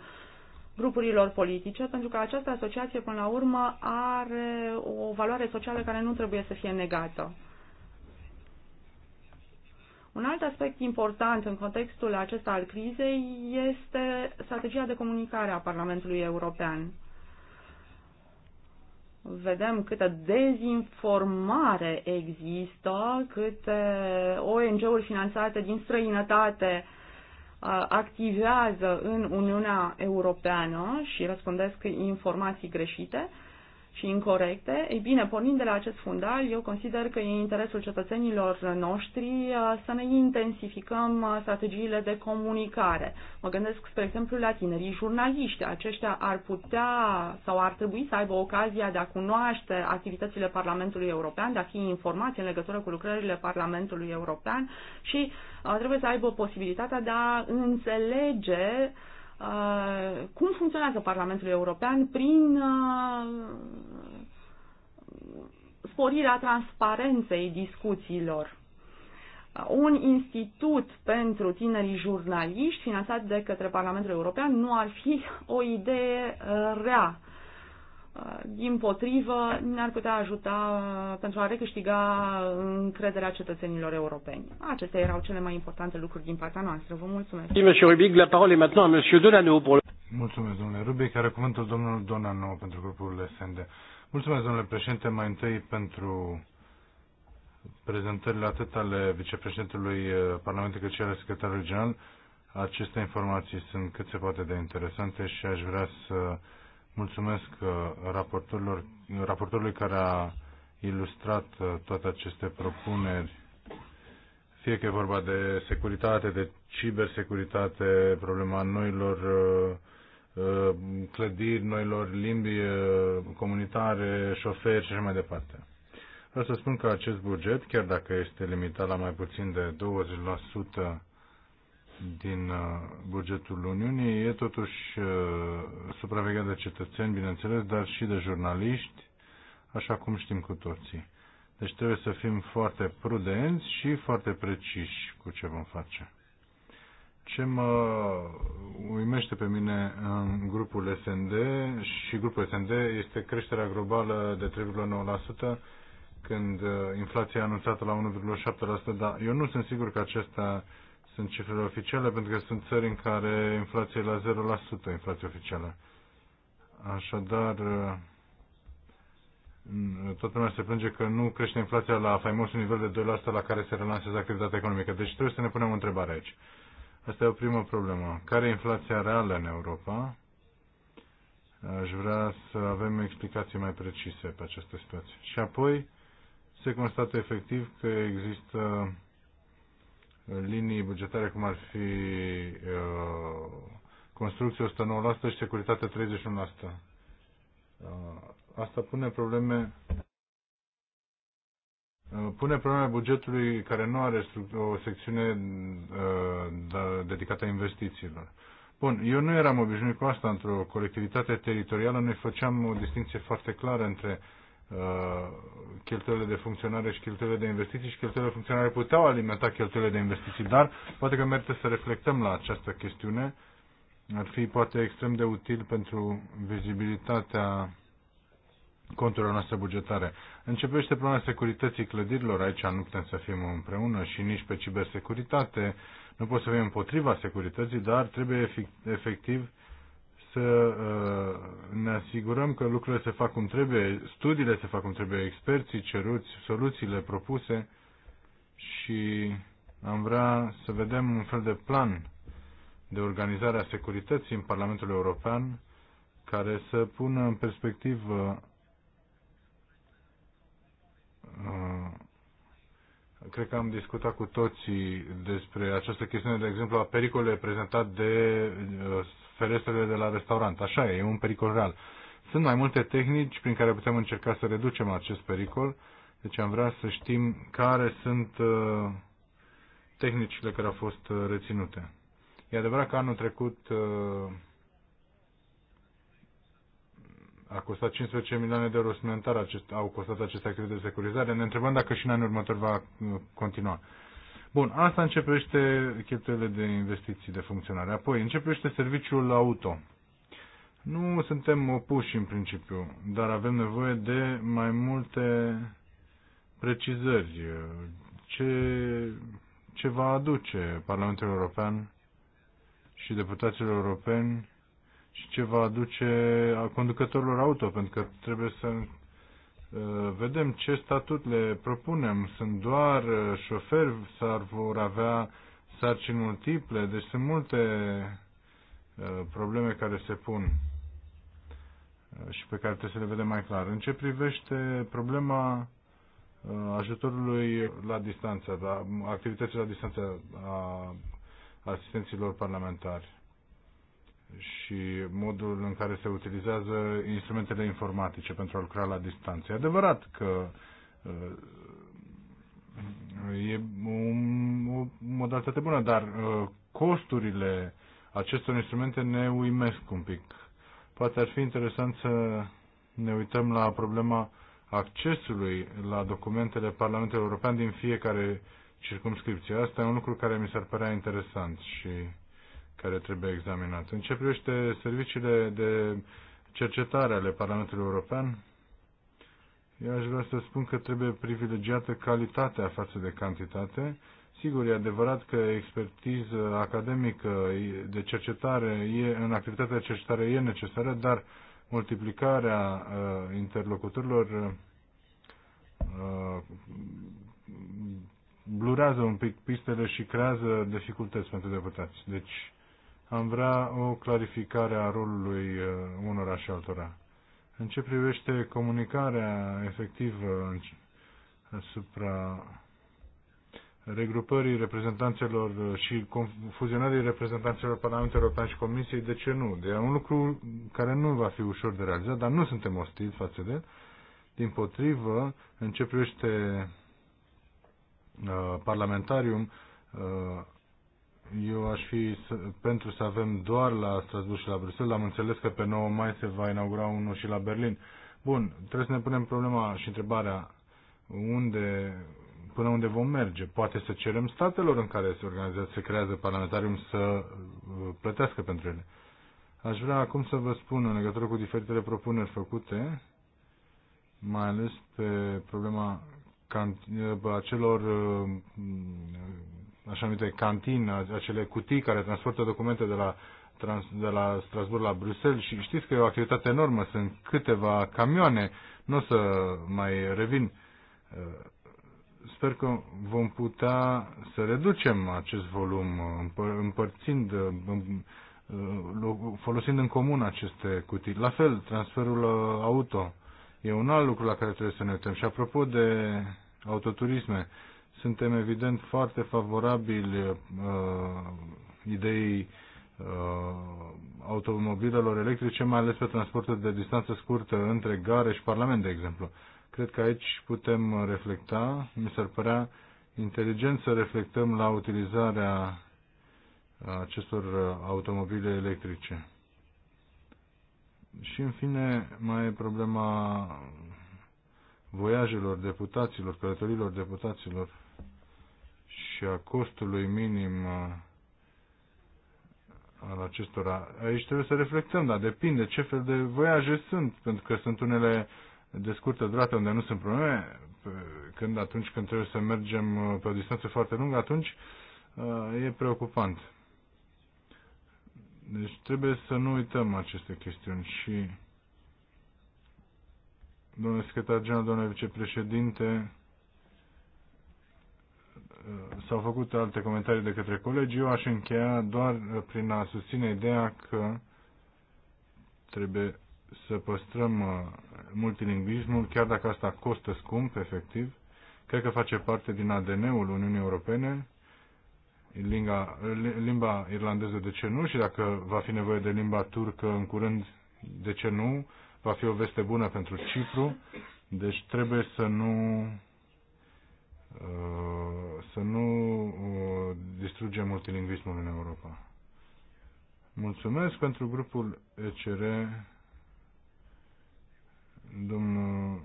grupurilor politice, pentru că această asociație, până la urmă, are o valoare socială care nu trebuie să fie negată. Un alt aspect important în contextul acesta al crizei este strategia de comunicare a Parlamentului European. Vedem câtă dezinformare există, câte ONG-uri finanțate din străinătate uh, activează în Uniunea Europeană și răspândesc informații greșite, și incorrecte, ei bine, pornind de la acest fundal, eu consider că e interesul cetățenilor noștri uh, să ne intensificăm uh, strategiile de comunicare. Mă gândesc, spre exemplu, la tinerii jurnaliști. Aceștia ar putea sau ar trebui să aibă ocazia de a cunoaște activitățile Parlamentului European, de a fi informați în legătură cu lucrările Parlamentului European și uh, trebuie să aibă posibilitatea de a înțelege uh, Uh, cum funcționează Parlamentul European prin uh, sporirea transparenței discuțiilor. Uh, un institut pentru tinerii jurnaliști finanțat de către Parlamentul European nu ar fi o idee rea din potrivă, ne-ar putea ajuta pentru a recâștiga încrederea cetățenilor europeni. Acestea erau cele mai importante lucruri din partea noastră. Vă mulțumesc. la Donano. Mulțumesc, domnule Rubic. Are cuvântul domnul Donano pentru grupul SND. Mulțumesc, domnule președinte, mai întâi pentru prezentările atât ale vicepreședintelui eh, Parlamentului cât și ale secretarului general. Aceste informații sunt cât se poate de interesante și aș vrea să Mulțumesc uh, raportorilor, raportorului care a ilustrat uh, toate aceste propuneri, fie că e vorba de securitate, de cibersecuritate, problema noilor uh, clădiri, noilor limbi comunitare, șoferi și așa mai departe. Vreau să spun că acest buget, chiar dacă este limitat la mai puțin de 20%, din uh, bugetul Uniunii e totuși uh, supravegheat de cetățeni, bineînțeles, dar și de jurnaliști, așa cum știm cu toții. Deci trebuie să fim foarte prudenți și foarte preciși cu ce vom face. Ce mă uimește pe mine în grupul SND și grupul SND este creșterea globală de 3,9% când uh, inflația e anunțată la 1,7%, dar eu nu sunt sigur că acesta sunt cifrele oficiale, pentru că sunt țări în care inflația e la 0%, inflația oficială. Așadar, toată lumea se plânge că nu crește inflația la faimosul nivel de 2% la care se relansează activitatea economică. Deci trebuie să ne punem o întrebare aici. Asta e o primă problemă. Care e inflația reală în Europa? Aș vrea să avem explicații mai precise pe această situație. Și apoi se constată efectiv că există linii bugetare, cum ar fi uh, construcție 109% și securitate 31%. Uh, asta pune probleme uh, pune problema bugetului care nu are o secțiune uh, da, dedicată investițiilor. Bun, eu nu eram obișnuit cu asta într-o colectivitate teritorială, noi făceam o distinție foarte clară între uh, Uh, cheltuielile de funcționare și cheltuielile de investiții și cheltuielile de funcționare puteau alimenta cheltuielile de investiții, dar poate că merită să reflectăm la această chestiune. Ar fi poate extrem de util pentru vizibilitatea conturilor noastre bugetare. Începește problema securității clădirilor, aici nu putem să fim împreună și nici pe cibersecuritate. Nu pot să fim împotriva securității, dar trebuie efectiv să uh, ne asigurăm că lucrurile se fac cum trebuie, studiile se fac cum trebuie, experții ceruți, soluțiile propuse și am vrea să vedem un fel de plan de organizare a securității în Parlamentul European care să pună în perspectivă uh, cred că am discutat cu toții despre această chestiune, de exemplu, a pericolului prezentat de uh, ferestrele de la restaurant. Așa e, e un pericol real. Sunt mai multe tehnici prin care putem încerca să reducem acest pericol, deci am vrea să știm care sunt uh, tehnicile care au fost uh, reținute. E adevărat că anul trecut uh, a costat 15 milioane de euro suplimentare, acest, au costat aceste activități de securizare. Ne întrebăm dacă și în anul următor va continua. Bun, asta începește cheltuielile de investiții de funcționare. Apoi începește serviciul auto. Nu suntem opuși în principiu, dar avem nevoie de mai multe precizări. Ce, ce va aduce Parlamentul European și deputaților europeni și ce va aduce a conducătorilor auto, pentru că trebuie să Uh, vedem ce statut le propunem. Sunt doar uh, șoferi, s-ar vor avea sarcini multiple, deci sunt multe uh, probleme care se pun și pe care trebuie să le vedem mai clar. În ce privește problema ajutorului la distanță, la da, activității la distanță a asistenților parlamentari și modul în care se utilizează instrumentele informatice pentru a lucra la distanță. E adevărat că uh, e o modalitate bună, dar uh, costurile acestor instrumente ne uimesc un pic. Poate ar fi interesant să ne uităm la problema accesului la documentele Parlamentului European din fiecare circumscripție. Asta e un lucru care mi s-ar părea interesant și care trebuie examinat. În ce privește serviciile de cercetare ale Parlamentului European, eu aș vrea să spun că trebuie privilegiată calitatea față de cantitate. Sigur, e adevărat că expertiză academică de cercetare e, în activitatea de cercetare e necesară, dar multiplicarea uh, interlocutorilor uh, blurează un pic pistele și creează dificultăți pentru deputați. Deci, am vrea o clarificare a rolului uh, unora și altora. În ce privește comunicarea efectivă asupra regrupării reprezentanțelor uh, și fuzionării reprezentanțelor Parlamentului European și Comisiei, de ce nu? De un lucru care nu va fi ușor de realizat, dar nu suntem ostili față de el. Din potrivă, în ce privește uh, parlamentarium, uh, eu aș fi pentru să avem doar la Strasbourg și la Bruxelles. Am înțeles că pe 9 mai se va inaugura unul și la Berlin. Bun, trebuie să ne punem problema și întrebarea unde, până unde vom merge. Poate să cerem statelor în care se organizează, se creează parlamentarium să uh, plătească pentru ele. Aș vrea acum să vă spun în legătură cu diferitele propuneri făcute, mai ales pe problema acelor așa numite cantin, acele cutii care transportă documente de la, trans, de la Strasburg la Bruxelles și știți că e o activitate enormă, sunt câteva camioane, nu o să mai revin. Eh, sper că vom putea să reducem acest volum împărțind, eh, eh, folosind în comun aceste cutii. La fel, transferul auto e un alt lucru la care trebuie să ne uităm. Și apropo de autoturisme, uh, suntem evident foarte favorabili uh, ideii uh, automobilelor electrice, mai ales pe transportul de distanță scurtă între gare și Parlament, de exemplu. Cred că aici putem reflecta, mi s-ar părea inteligent să reflectăm la utilizarea acestor automobile electrice. Și în fine mai e problema voiajelor deputaților, călătorilor deputaților și a costului minim uh, al acestora. Aici trebuie să reflectăm, dar depinde ce fel de voiaje sunt, pentru că sunt unele de scurtă durată unde nu sunt probleme, când atunci când trebuie să mergem uh, pe o distanță foarte lungă, atunci uh, e preocupant. Deci trebuie să nu uităm aceste chestiuni și domnule secretar general, domnule vicepreședinte, s-au făcut alte comentarii de către colegi. Eu aș încheia doar uh, prin a susține ideea că trebuie să păstrăm uh, multilingvismul, chiar dacă asta costă scump, efectiv. Cred că face parte din ADN-ul Uniunii Europene, limba, limba irlandeză de ce nu și dacă va fi nevoie de limba turcă în curând, de ce nu, va fi o veste bună pentru Cipru, deci trebuie să nu Uh, să nu uh, distrugem multilingvismul în Europa. Mulțumesc pentru grupul ECR, domnul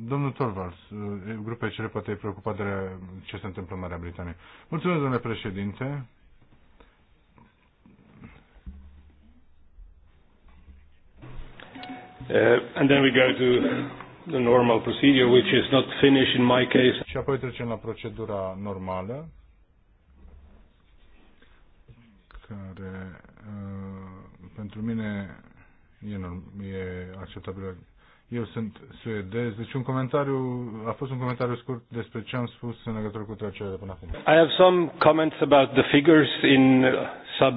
Domnul Torvalds, uh, grupul ECR poate e preocupat de ce se întâmplă în Marea Britanie. Mulțumesc, domnule președinte. Uh, and then we go to the normal procedure, which is not finished in my case. Și apoi trecem la procedura normală, care uh, pentru mine e, norm, e acceptabilă. Eu sunt suedez, deci un comentariu, a fost un comentariu scurt despre ce am spus în legătură cu trecerea de până acum. I have some comments about the figures in uh, sub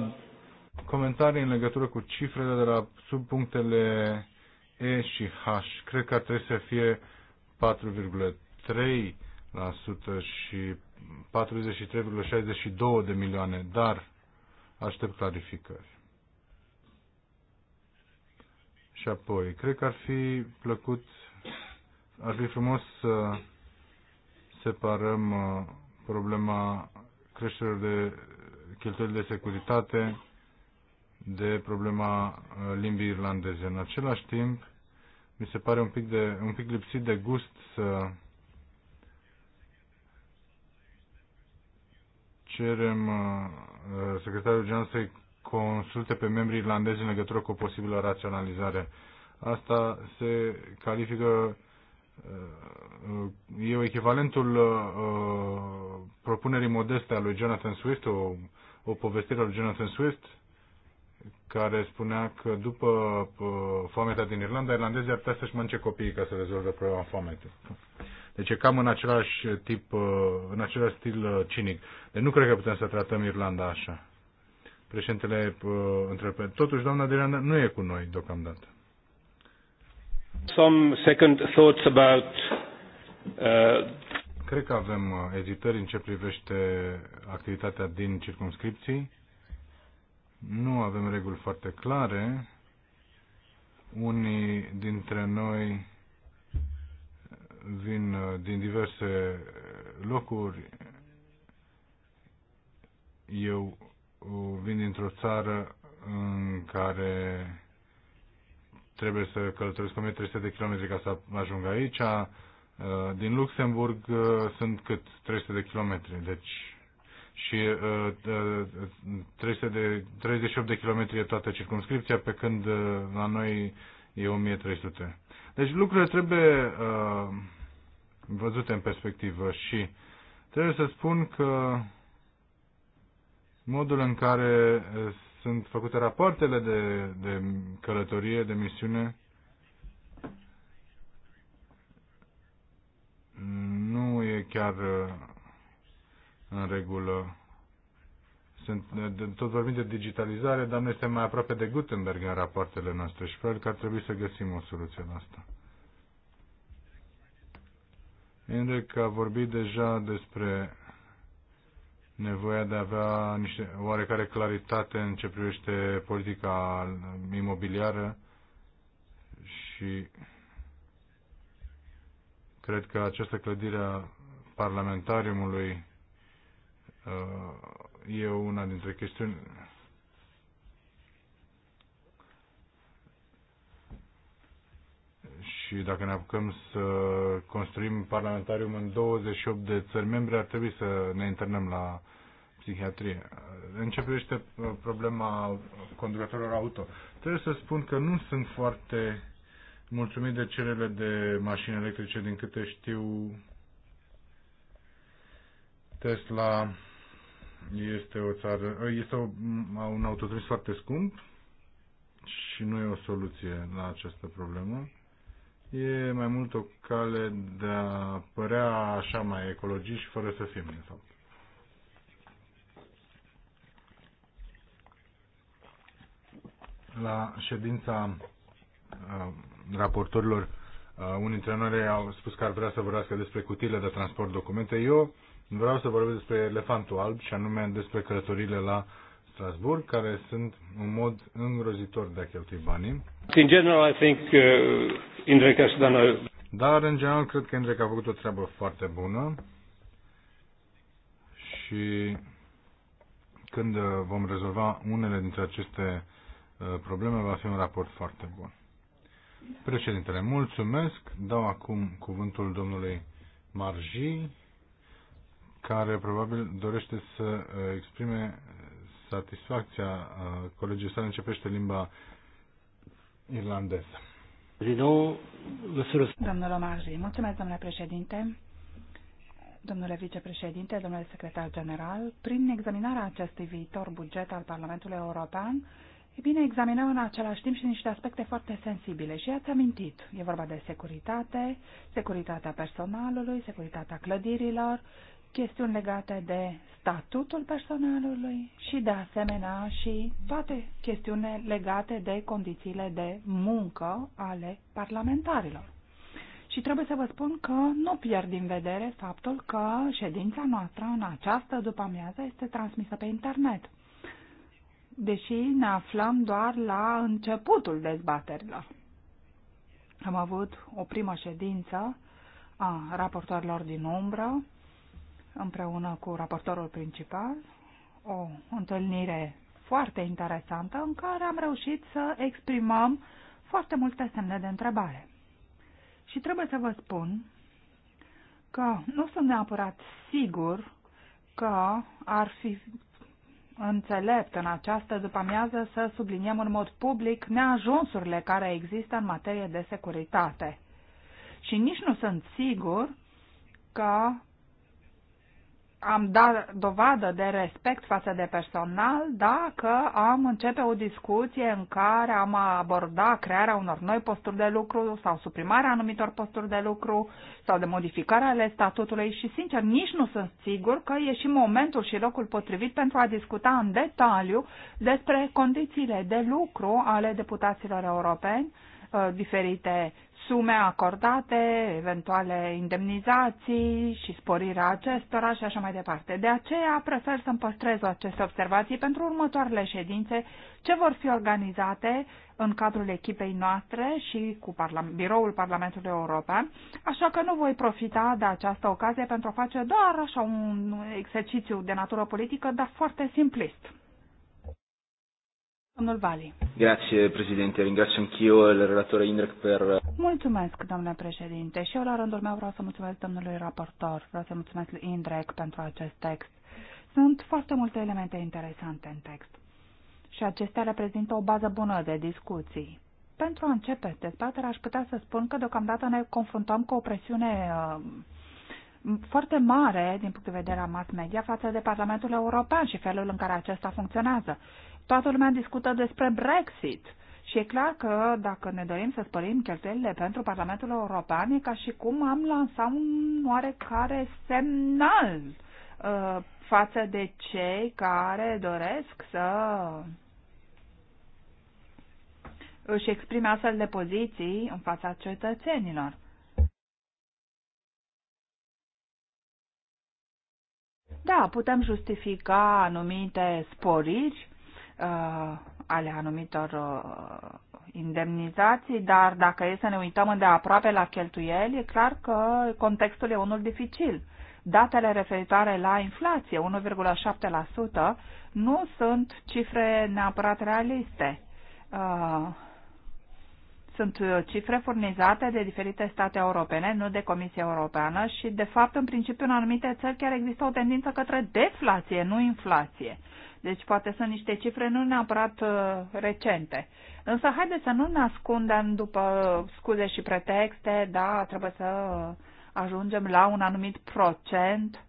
comentarii în legătură cu cifrele de la subpunctele E și H. Cred că trebuie să fie 4,3% și 43,62 de milioane, dar aștept clarificări. Și apoi, cred că ar fi plăcut, ar fi frumos să separăm uh, problema creșterilor de cheltuieli de securitate de problema uh, limbii irlandeze. În același timp, mi se pare un pic, de, un pic lipsit de gust să cerem uh, secretarul general să consulte pe membrii irlandezi în legătură cu o posibilă raționalizare. Asta se califică uh, e echivalentul uh, propunerii modeste a lui Jonathan Swift, o, o povestire a lui Jonathan Swift, care spunea că după uh, foamea din Irlanda, irlandezii ar putea să-și mănânce copiii ca să rezolve problema foametei. Deci e cam în același tip, uh, în același stil uh, cinic. Deci nu cred că putem să tratăm Irlanda așa. Președintele întrebă. Totuși, doamna de Irlanda nu e cu noi deocamdată. Some second thoughts about uh... Cred că avem ezitări în ce privește activitatea din circumscripții nu avem reguli foarte clare. Unii dintre noi vin uh, din diverse locuri. Eu uh, vin dintr-o țară în care trebuie să călătoresc 1300 de kilometri ca să ajung aici. Uh, din Luxemburg sunt cât 300 de kilometri, deci și uh, 300 uh, de, 38 de kilometri e toată circumscripția, pe când uh, la noi e 1300. Deci lucrurile trebuie uh, văzute în perspectivă și trebuie să spun că modul în care uh, sunt făcute rapoartele de, de călătorie, de misiune, nu e chiar uh, în regulă. Sunt, tot vorbim de digitalizare, dar noi suntem mai aproape de Gutenberg în rapoartele noastre și probabil că ar trebui să găsim o soluție la asta. Enric a vorbit deja despre nevoia de a avea niște, oarecare claritate în ce privește politica imobiliară și cred că această clădire a parlamentariumului Uh, e una dintre chestiuni și dacă ne apucăm să construim parlamentarium în 28 de țări membre, ar trebui să ne internăm la psihiatrie. Începește uh, problema conducătorilor auto. Trebuie să spun că nu sunt foarte mulțumit de cerele de mașini electrice, din câte știu Tesla este o țară, este o, un autoturism foarte scump și nu e o soluție la această problemă. E mai mult o cale de a părea așa mai și fără să fim, de fapt. La ședința raportorilor, unii dintre noi au spus că ar vrea să vorbească despre cutiile de transport documente. Eu vreau să vorbesc despre elefantul alb și anume despre călătorile la Strasburg, care sunt un mod îngrozitor de a cheltui banii. In general, I think uh, Indrek has done a... Dar, în general, cred că Indrek a făcut o treabă foarte bună și când uh, vom rezolva unele dintre aceste uh, probleme, va fi un raport foarte bun. Președintele, mulțumesc. Dau acum cuvântul domnului Marji care probabil dorește să uh, exprime satisfacția uh, colegii sale începește limba irlandeză. Domnul Omagri, mulțumesc, domnule președinte, domnule vicepreședinte, domnule secretar general. Prin examinarea acestui viitor buget al Parlamentului European, e bine, examinăm în același timp și niște aspecte foarte sensibile și ați amintit. E vorba de securitate, securitatea personalului, securitatea clădirilor, chestiuni legate de statutul personalului și, de asemenea, și toate chestiunile legate de condițiile de muncă ale parlamentarilor. Și trebuie să vă spun că nu pierd din vedere faptul că ședința noastră în această după-amiază este transmisă pe internet, deși ne aflăm doar la începutul dezbaterilor. Am avut o primă ședință a raportorilor din umbră, împreună cu raportorul principal o întâlnire foarte interesantă în care am reușit să exprimăm foarte multe semne de întrebare. Și trebuie să vă spun că nu sunt neapărat sigur că ar fi înțelept în această după-amiază să subliniem în mod public neajunsurile care există în materie de securitate. Și nici nu sunt sigur că am dat dovadă de respect față de personal dacă am începe o discuție în care am aborda crearea unor noi posturi de lucru sau suprimarea anumitor posturi de lucru sau de modificarea ale statutului și, sincer, nici nu sunt sigur că e și momentul și locul potrivit pentru a discuta în detaliu despre condițiile de lucru ale deputaților europeni Uh, diferite sume acordate, eventuale indemnizații și sporirea acestora și așa mai departe. De aceea prefer să-mi păstrez aceste observații pentru următoarele ședințe ce vor fi organizate în cadrul echipei noastre și cu Parlam Biroul Parlamentului European, așa că nu voi profita de această ocazie pentru a face doar așa un exercițiu de natură politică, dar foarte simplist. Domnul Vali. Grazie, președinte. Ringrazio anch'io il relatore per... Eh, mulțumesc, domnule președinte. Și eu, la rândul meu, vreau să mulțumesc domnului raportor. Vreau să mulțumesc lui Indrek pentru acest text. Sunt foarte multe elemente interesante în text. Și acestea reprezintă o bază bună de discuții. Pentru a începe dezbaterea, aș putea să spun că deocamdată ne confruntăm cu o presiune uh, foarte mare din punct de vedere a mass media față de Parlamentul European și felul în care acesta funcționează. Toată lumea discută despre Brexit. Și e clar că dacă ne dorim să spărim cheltuielile pentru Parlamentul European, e ca și cum am lansat un oarecare semnal uh, față de cei care doresc să își exprime astfel de poziții în fața cetățenilor. Da, putem justifica anumite sporiri Uh, ale anumitor uh, indemnizații, dar dacă e să ne uităm îndeaproape la cheltuieli, e clar că contextul e unul dificil. Datele referitoare la inflație, 1,7%, nu sunt cifre neapărat realiste. Uh, sunt cifre furnizate de diferite state europene, nu de Comisia Europeană și, de fapt, în principiu, în anumite țări chiar există o tendință către deflație, nu inflație. Deci poate sunt niște cifre nu neapărat uh, recente. Însă haideți să nu ne ascundem după uh, scuze și pretexte, da, trebuie să uh, ajungem la un anumit procent.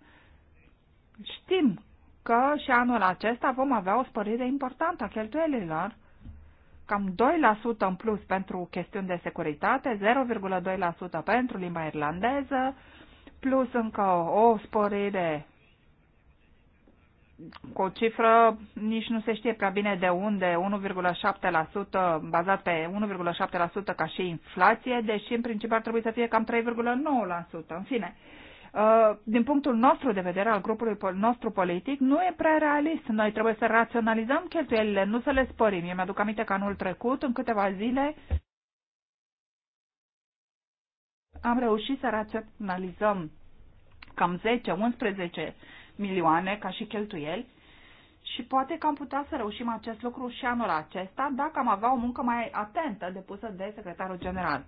Știm că și anul acesta vom avea o spărire importantă a cheltuielilor, cam 2% în plus pentru chestiuni de securitate, 0,2% pentru limba irlandeză, plus încă o sporire cu o cifră nici nu se știe prea bine de unde, 1,7%, bazat pe 1,7% ca și inflație, deși în principiu ar trebui să fie cam 3,9%. În fine, uh, din punctul nostru de vedere al grupului nostru politic, nu e prea realist. Noi trebuie să raționalizăm cheltuielile, nu să le spărim. Eu mi-aduc aminte că anul trecut, în câteva zile, am reușit să raționalizăm cam 10-11 milioane ca și cheltuieli și poate că am putea să reușim acest lucru și anul acesta dacă am avea o muncă mai atentă depusă de secretarul general.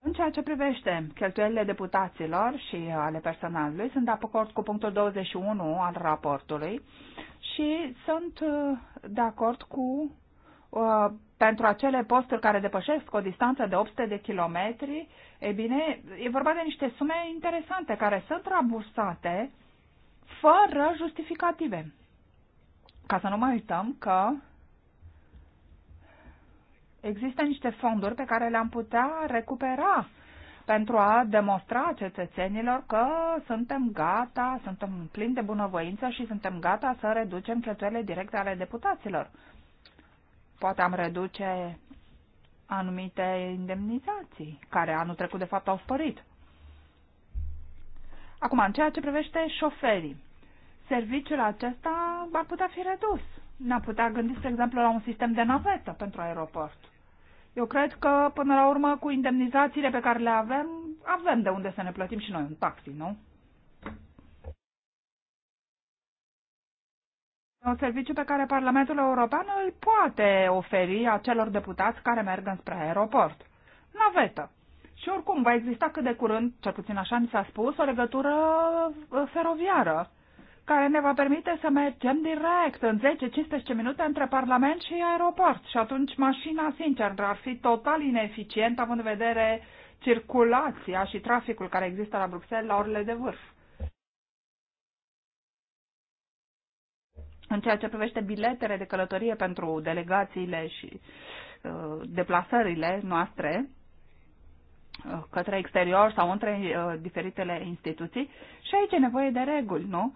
În ceea ce privește cheltuielile deputaților și ale personalului, sunt de acord cu punctul 21 al raportului și sunt uh, de acord cu uh, pentru acele posturi care depășesc o distanță de 800 de kilometri, e bine, e vorba de niște sume interesante care sunt rambursate fără justificative. Ca să nu mai uităm că există niște fonduri pe care le-am putea recupera pentru a demonstra cetățenilor că suntem gata, suntem plini de bunăvoință și suntem gata să reducem cheltuielile directe ale deputaților. Poate am reduce anumite indemnizații, care anul trecut de fapt au spărit. Acum, în ceea ce privește șoferii, serviciul acesta ar putea fi redus. Ne-am putea gândi, spre exemplu, la un sistem de navetă pentru aeroport. Eu cred că, până la urmă, cu indemnizațiile pe care le avem, avem de unde să ne plătim și noi un taxi, nu? un serviciu pe care Parlamentul European îl poate oferi acelor deputați care merg spre aeroport. Navetă. Și oricum va exista cât de curând, cel puțin așa ni s-a spus, o legătură uh, feroviară care ne va permite să mergem direct în 10-15 minute între Parlament și aeroport. Și atunci mașina, sincer, ar fi total ineficientă având în vedere circulația și traficul care există la Bruxelles la orele de vârf. În ceea ce privește biletele de călătorie pentru delegațiile și uh, deplasările noastre uh, către exterior sau între uh, diferitele instituții și aici e nevoie de reguli, nu?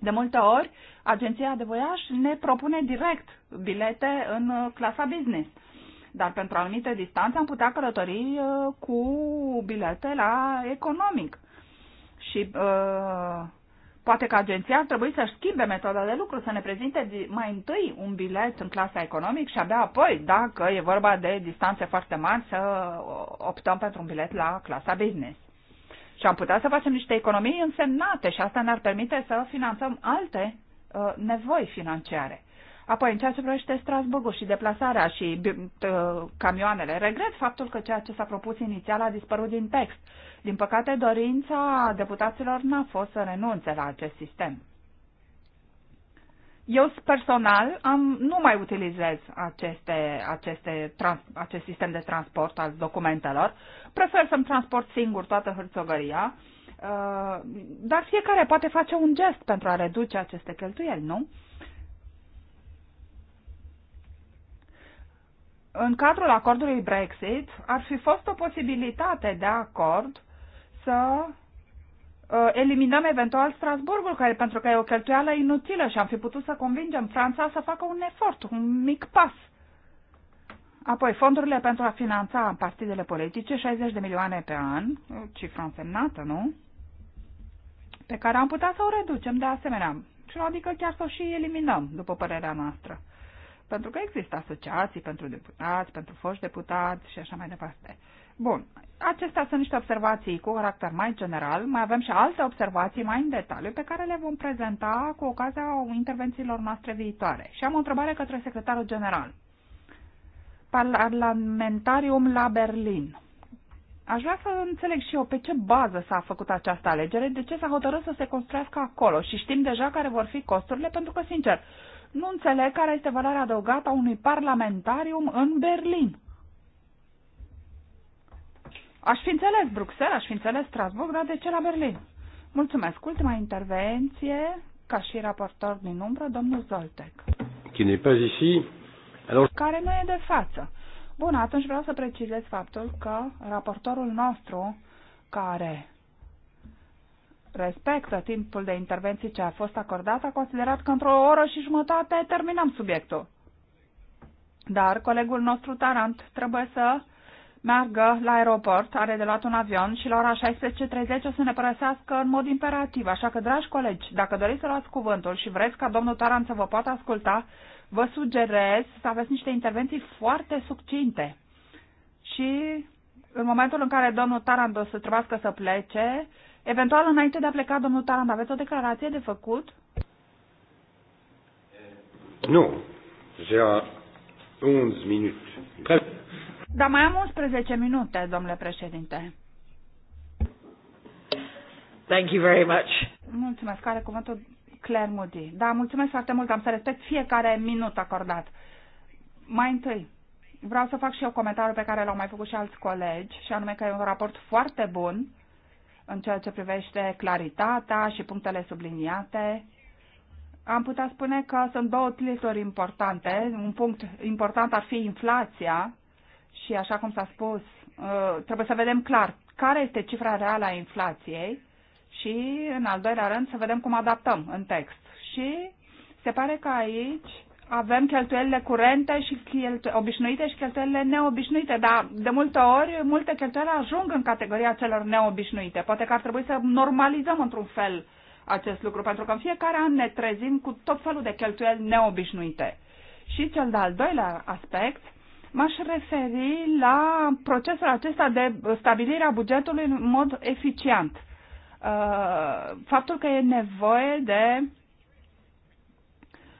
De multe ori, agenția de voiaj ne propune direct bilete în clasa business. Dar pentru anumite distanțe am putea călători cu bilete la economic și uh, poate că agenția ar trebui să-și schimbe metoda de lucru, să ne prezinte mai întâi un bilet în clasa economic și abia apoi, dacă e vorba de distanțe foarte mari, să uh, optăm pentru un bilet la clasa business. Și am putea să facem niște economii însemnate și asta ne-ar permite să finanțăm alte uh, nevoi financiare. Apoi, în ceea ce privește Strasburgul și deplasarea și uh, camioanele, regret faptul că ceea ce s-a propus inițial a dispărut din text. Uh, din păcate, dorința deputaților n-a fost să renunțe la acest sistem. Eu personal am, nu mai utilizez aceste, aceste trans, acest sistem de transport al documentelor. Prefer să-mi transport singur toată hârțogăria, uh, dar fiecare poate face un gest pentru a reduce aceste cheltuieli, nu? În cadrul acordului Brexit ar fi fost o posibilitate de acord să uh, eliminăm eventual Strasburgul, care, pentru că e o cheltuială inutilă și am fi putut să convingem Franța să facă un efort, un mic pas. Apoi, fondurile pentru a finanța partidele politice, 60 de milioane pe an, cifră însemnată, nu? Pe care am putea să o reducem de asemenea. Și adică chiar să o și eliminăm, după părerea noastră. Pentru că există asociații pentru deputați, pentru foști deputați și așa mai departe. Uh, Bun. Acestea sunt niște observații cu caracter mai general. Mai avem și alte observații mai în detaliu pe care le vom prezenta cu ocazia intervențiilor noastre viitoare. Și am o întrebare către secretarul general. Parlamentarium la Berlin. Aș vrea să înțeleg și eu pe ce bază s-a făcut această alegere, de ce s-a hotărât să se construiască acolo și știm deja care vor fi costurile, pentru că, sincer, nu înțeleg care este valoarea adăugată a unui parlamentarium în Berlin. Aș fi înțeles Bruxelles, aș fi înțeles Strasbourg, dar de ce la Berlin? Mulțumesc. Ultima intervenție, ca și raportor din umbră, domnul Zoltec. Care nu e de față. Bun, atunci vreau să precizez faptul că raportorul nostru, care respectă timpul de intervenție ce a fost acordat, a considerat că într-o oră și jumătate terminăm subiectul. Dar colegul nostru Tarant trebuie să meargă la aeroport, are de luat un avion și la ora 16.30 o să ne părăsească în mod imperativ. Așa că, dragi colegi, dacă doriți să luați cuvântul și vreți ca domnul Taran să vă poată asculta, vă sugerez să aveți niște intervenții foarte succinte. Și în momentul în care domnul Taran o să trebuiască să plece, eventual înainte de a pleca, domnul Taran, aveți o declarație de făcut? Nu. J'ai 11 minute. Dar mai am 11 minute, domnule președinte. Thank you very much. Mulțumesc. Care cuvântul Claire Moody. Da, mulțumesc foarte mult. Am să respect fiecare minut acordat. Mai întâi, vreau să fac și eu comentariul pe care l-au mai făcut și alți colegi, și anume că e un raport foarte bun în ceea ce privește claritatea și punctele subliniate. Am putea spune că sunt două titluri importante. Un punct important ar fi inflația, și așa cum s-a spus, uh, trebuie să vedem clar care este cifra reală a inflației și, în al doilea rând, să vedem cum adaptăm în text. Și se pare că aici avem cheltuielile curente și cheltuie, obișnuite și cheltuielile neobișnuite, dar de multe ori multe cheltuieli ajung în categoria celor neobișnuite. Poate că ar trebui să normalizăm într-un fel acest lucru, pentru că în fiecare an ne trezim cu tot felul de cheltuieli neobișnuite. Și cel de-al doilea aspect M-aș referi la procesul acesta de stabilire a bugetului în mod eficient. Uh, faptul că e nevoie de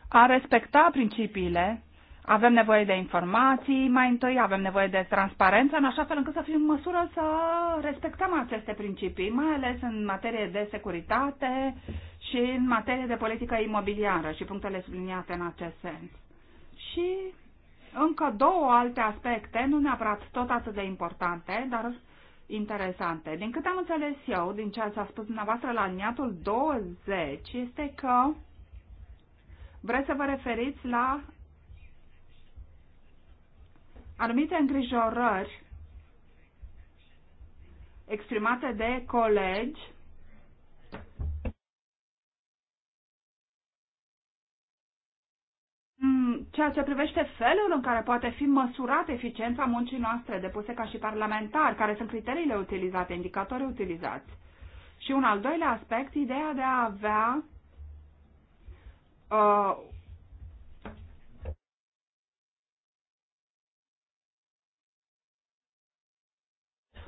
a respecta principiile, avem nevoie de informații mai întâi, avem nevoie de transparență, în așa fel încât să fim în măsură să respectăm aceste principii, mai ales în materie de securitate și în materie de politică imobiliară și punctele subliniate în acest sens. Și încă două alte aspecte, nu neapărat tot atât de importante, dar interesante. Din câte am înțeles eu, din ceea ce a spus dumneavoastră la aliniatul 20, este că vreți să vă referiți la anumite îngrijorări exprimate de colegi Mm, ceea ce privește felul în care poate fi măsurată eficiența muncii noastre depuse ca și parlamentari, care sunt criteriile utilizate, indicatorii utilizați. Și un al doilea aspect, ideea de a avea uh,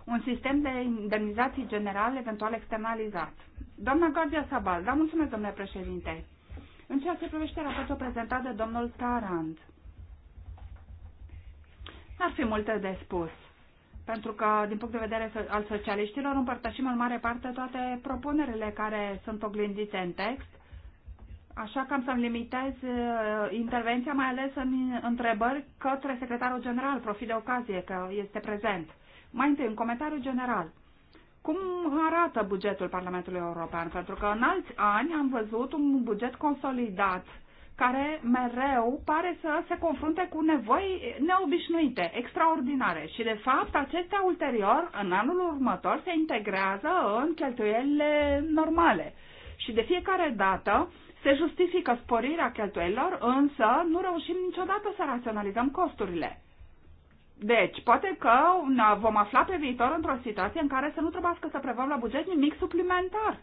un sistem de indemnizații general eventual externalizat. Doamna Gardia Sabal, da, mulțumesc, domnule președinte. În ceea ce privește raportul prezentat de domnul Tarand, ar fi multe de spus, pentru că, din punct de vedere al socialiștilor, împărtășim în mare parte toate propunerile care sunt oglindite în text, Așa că am să-mi limitez uh, intervenția, mai ales în întrebări către secretarul general, profit de ocazie că este prezent. Mai întâi, un comentariu general. Cum arată bugetul Parlamentului European? Pentru că în alți ani am văzut un buget consolidat care mereu pare să se confrunte cu nevoi neobișnuite, extraordinare. Și, de fapt, acestea ulterior, în anul următor, se integrează în cheltuielile normale. Și de fiecare dată se justifică sporirea cheltuielilor, însă nu reușim niciodată să raționalizăm costurile. Deci, poate că vom afla pe viitor într-o situație în care să nu trebuiască să prevăm la buget nimic suplimentar.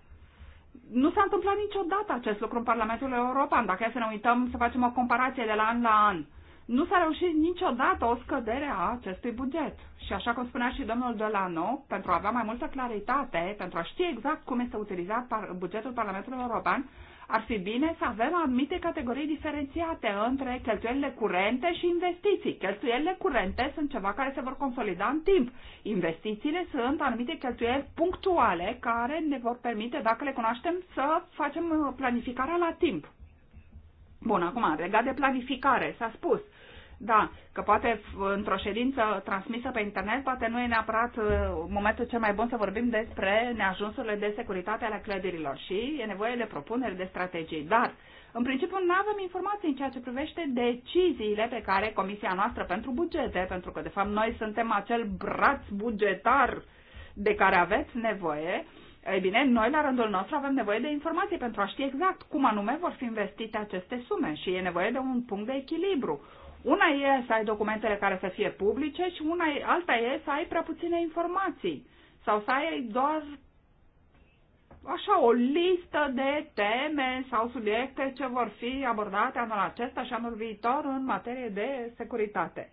Nu s-a întâmplat niciodată acest lucru în Parlamentul European. Dacă e să ne uităm să facem o comparație de la an la an, nu s-a reușit niciodată o scădere a acestui buget. Și așa cum spunea și domnul Delano, pentru a avea mai multă claritate, pentru a ști exact cum este utilizat bugetul Parlamentului European, ar fi bine să avem anumite categorii diferențiate între cheltuielile curente și investiții. Cheltuielile curente sunt ceva care se vor consolida în timp. Investițiile sunt anumite cheltuieli punctuale care ne vor permite, dacă le cunoaștem, să facem uh, planificarea la timp. Bun, acum, legat de planificare, s-a spus. Uh, da, că poate într-o ședință transmisă pe internet, poate nu e neapărat uh, momentul cel mai bun să vorbim despre neajunsurile de securitate ale clădirilor și e nevoie de propuneri de strategii. Dar, în principiu, nu avem informații în ceea ce privește deciziile pe care Comisia noastră pentru bugete, pentru că, de fapt, noi suntem acel braț bugetar de care aveți nevoie, ei bine, noi la rândul nostru avem nevoie de informații pentru a ști exact cum anume vor fi investite aceste sume și e nevoie de un punct de echilibru, una e să ai documentele care să fie publice și una e, alta e să ai prea puține informații sau să ai doar așa o listă de teme sau subiecte ce vor fi abordate anul acesta și anul viitor în materie de securitate.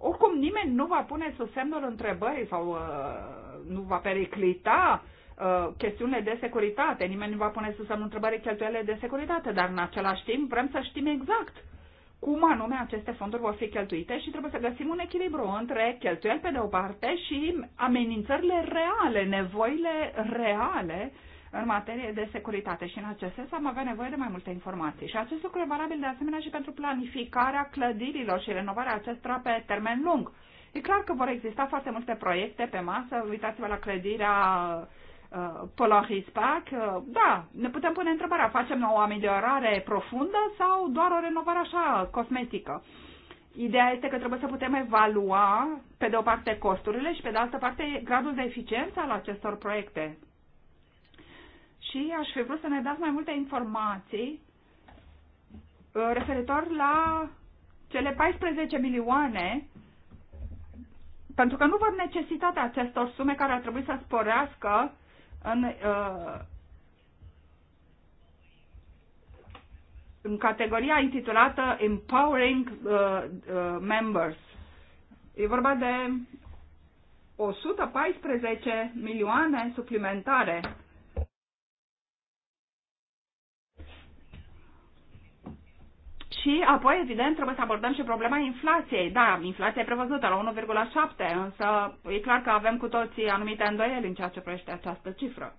Oricum nimeni nu va pune sub semnul întrebării sau uh, nu va periclita uh, chestiunile de securitate, nimeni nu va pune sub semnul întrebării cheltuielile de securitate, dar în același timp vrem să știm exact uh, cum anume aceste fonduri vor fi cheltuite și trebuie să găsim un echilibru între cheltuieli pe de o parte și amenințările reale, nevoile reale în materie de securitate și în acest sens am avea nevoie de mai multe informații. Și acest lucru e valabil de asemenea și pentru planificarea clădirilor și renovarea acestora pe termen lung. E clar că vor exista foarte multe proiecte pe masă, uitați-vă la clădirea Uh, Polarispac, uh, da, ne putem pune întrebarea, facem o ameliorare profundă sau doar o renovare așa, cosmetică? Ideea este că trebuie să putem evalua, pe de o parte, costurile și, pe de altă parte, gradul de eficiență al acestor proiecte. Și aș fi vrut să ne dați mai multe informații uh, referitor la cele 14 milioane pentru că nu văd necesitatea acestor sume care ar trebui să sporească în, uh, în categoria intitulată Empowering uh, uh, Members. E vorba de 114 milioane suplimentare Și apoi, evident, trebuie să abordăm și problema inflației. Da, inflația e prevăzută la 1,7, însă e clar că avem cu toții anumite îndoieli în ceea ce privește această cifră.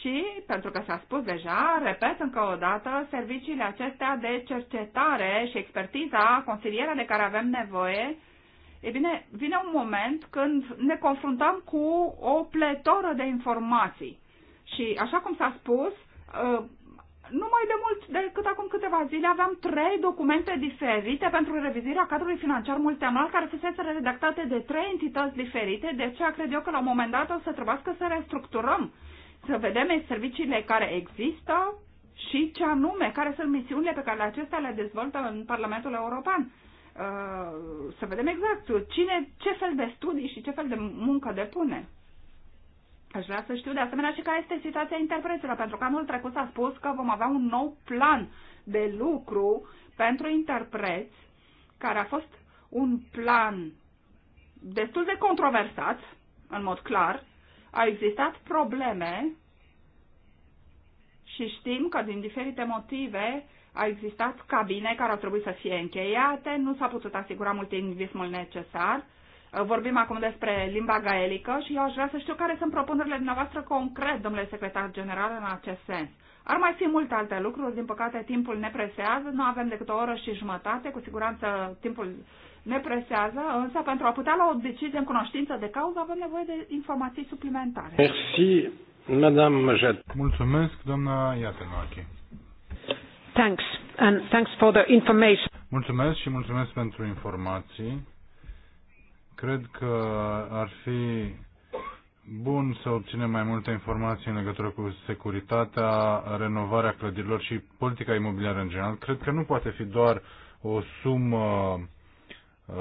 Și, pentru că s-a spus deja, repet încă o dată, serviciile acestea de cercetare și expertiza, consilierea de care avem nevoie, e bine, vine un moment când ne confruntăm cu o pletoră de informații. Și, așa cum s-a spus, Uh, nu mai de mult decât acum câteva zile aveam trei documente diferite pentru revizirea cadrului financiar multianual care fusese redactate de trei entități diferite, de aceea cred eu că la un moment dat o să trebuiască să restructurăm, să vedem serviciile care există și ce anume, care sunt misiunile pe care acestea le dezvoltă în Parlamentul European. Uh, să vedem exact cine, ce fel de studii și ce fel de muncă depune. Aș vrea să știu de asemenea și care este situația interpreților, pentru că anul trecut s-a spus că vom avea un nou plan de lucru pentru interpreți, care a fost un plan destul de controversat, în mod clar. Au existat probleme și știm că din diferite motive a existat cabine care au trebuit să fie încheiate, nu s-a putut asigura multilingvismul necesar Vorbim acum despre limba gaelică și eu aș vrea să știu care sunt propunerile dumneavoastră concret, domnule secretar general, în acest sens. Ar mai fi multe alte lucruri, din păcate timpul ne presează, nu avem decât o oră și jumătate, cu siguranță timpul ne presează, însă pentru a putea lua o decizie în cunoștință de cauză avem nevoie de informații suplimentare. Merci, Madame Mulțumesc, doamna Iatemache. Thanks, and thanks for the information. Mulțumesc și mulțumesc pentru informații. Cred că ar fi bun să obținem mai multe informații în legătură cu securitatea, renovarea clădirilor și politica imobiliară în general. Cred că nu poate fi doar o sumă, uh,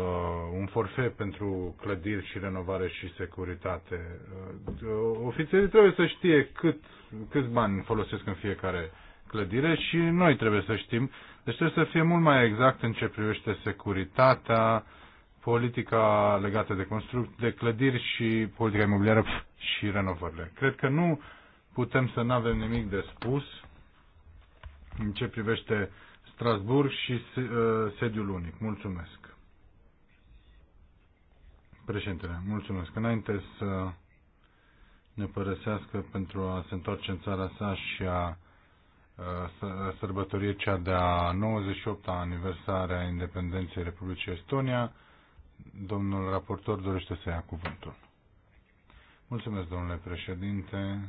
un forfet pentru clădiri și renovare și securitate. Uh, ofițerii trebuie să știe cât, câți bani folosesc în fiecare clădire și noi trebuie să știm. Deci trebuie să fie mult mai exact în ce privește securitatea, uh, politica legată de construct, de clădiri și politica imobiliară și renovările. Cred că nu putem să nu avem nimic de spus în ce privește Strasburg și uh, sediul unic. Mulțumesc. Președintele, mulțumesc. Înainte să ne părăsească pentru a se întoarce în țara sa și a uh, sărbătorie cea de-a 98-a aniversare a independenței Republicii Estonia, Domnul raportor dorește să ia cuvântul. Mulțumesc, domnule președinte.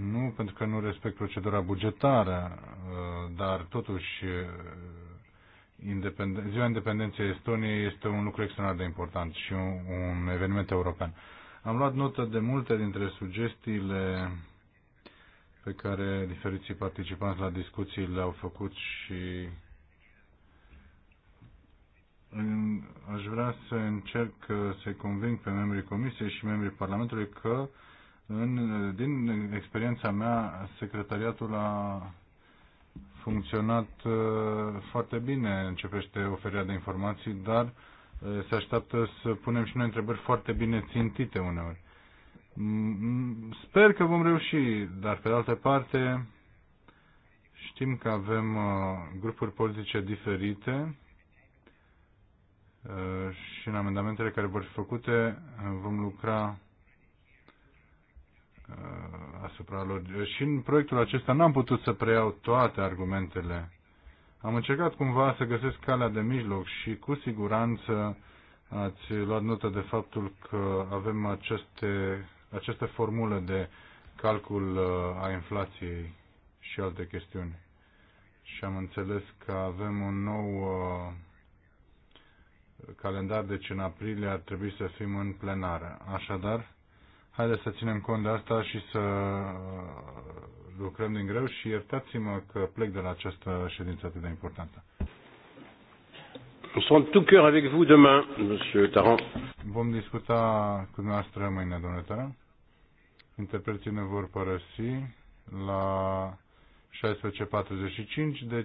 Nu pentru că nu respect procedura bugetară, uh, dar totuși uh, independen- Ziua Independenței Estoniei este un lucru extraordinar de important și un, un eveniment european. Am luat notă de multe dintre sugestiile pe care diferiții participanți la discuții le-au făcut și aș vrea să încerc uh, să-i conving pe membrii Comisiei și membrii Parlamentului că în, din experiența mea, secretariatul a funcționat uh, foarte bine, în ce privește oferirea de informații, dar uh, se așteaptă să punem și noi întrebări foarte bine țintite uneori. Mm, sper că vom reuși, dar pe de altă parte știm că avem grupuri politice diferite Uh, și în amendamentele care vor fi făcute uh, vom lucra uh, asupra lor. Și în proiectul acesta n-am putut să preiau toate argumentele. Am încercat cumva să găsesc calea de mijloc și cu siguranță ați luat notă de faptul că avem aceste, această formulă de calcul a inflației și alte chestiuni. Și am înțeles că avem un nou calendar, deci în aprilie ar trebui să fim în plenară. Așadar, haideți să ținem cont de asta și să uh, lucrăm din greu și iertați-mă că plec de la această ședință atât de importantă. Nous de tout cœur avec vous demain, Monsieur Tarant. Vom discuta cu dumneavoastră mâine, domnule Taran. Interpreții ne vor părăsi la 16.45, deci uh,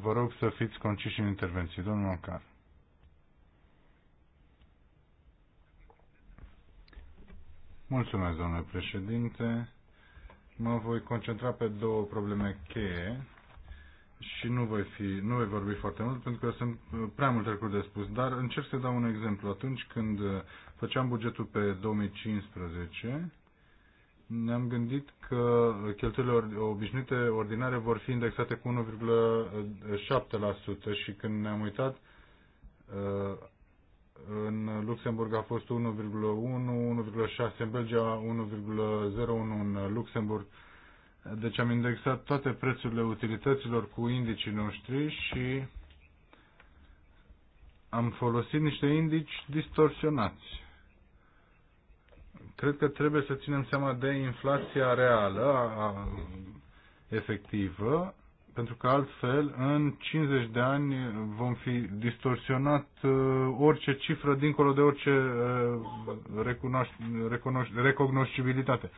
vă rog să fiți conciși în intervenții. Domnul Ocar. Mulțumesc, domnule președinte. Mă voi concentra pe două probleme cheie și nu voi, fi, nu voi vorbi foarte mult pentru că sunt uh, prea multe lucruri de spus, dar încerc să dau un exemplu. Atunci când uh, făceam bugetul pe 2015, ne-am gândit că cheltuielile obișnuite ordinare vor fi indexate cu 1,7% și când ne-am uitat uh, în Luxemburg a fost 1,1, 1,6 în Belgia, 1,01 în Luxemburg. Deci am indexat toate prețurile utilităților cu indicii noștri și am folosit niște indici distorsionați. Cred că trebuie să ținem seama de inflația reală, a, efectivă, pentru că altfel în 50 de ani vom fi distorsionat uh, orice cifră dincolo de orice uh, recognoscibilitate.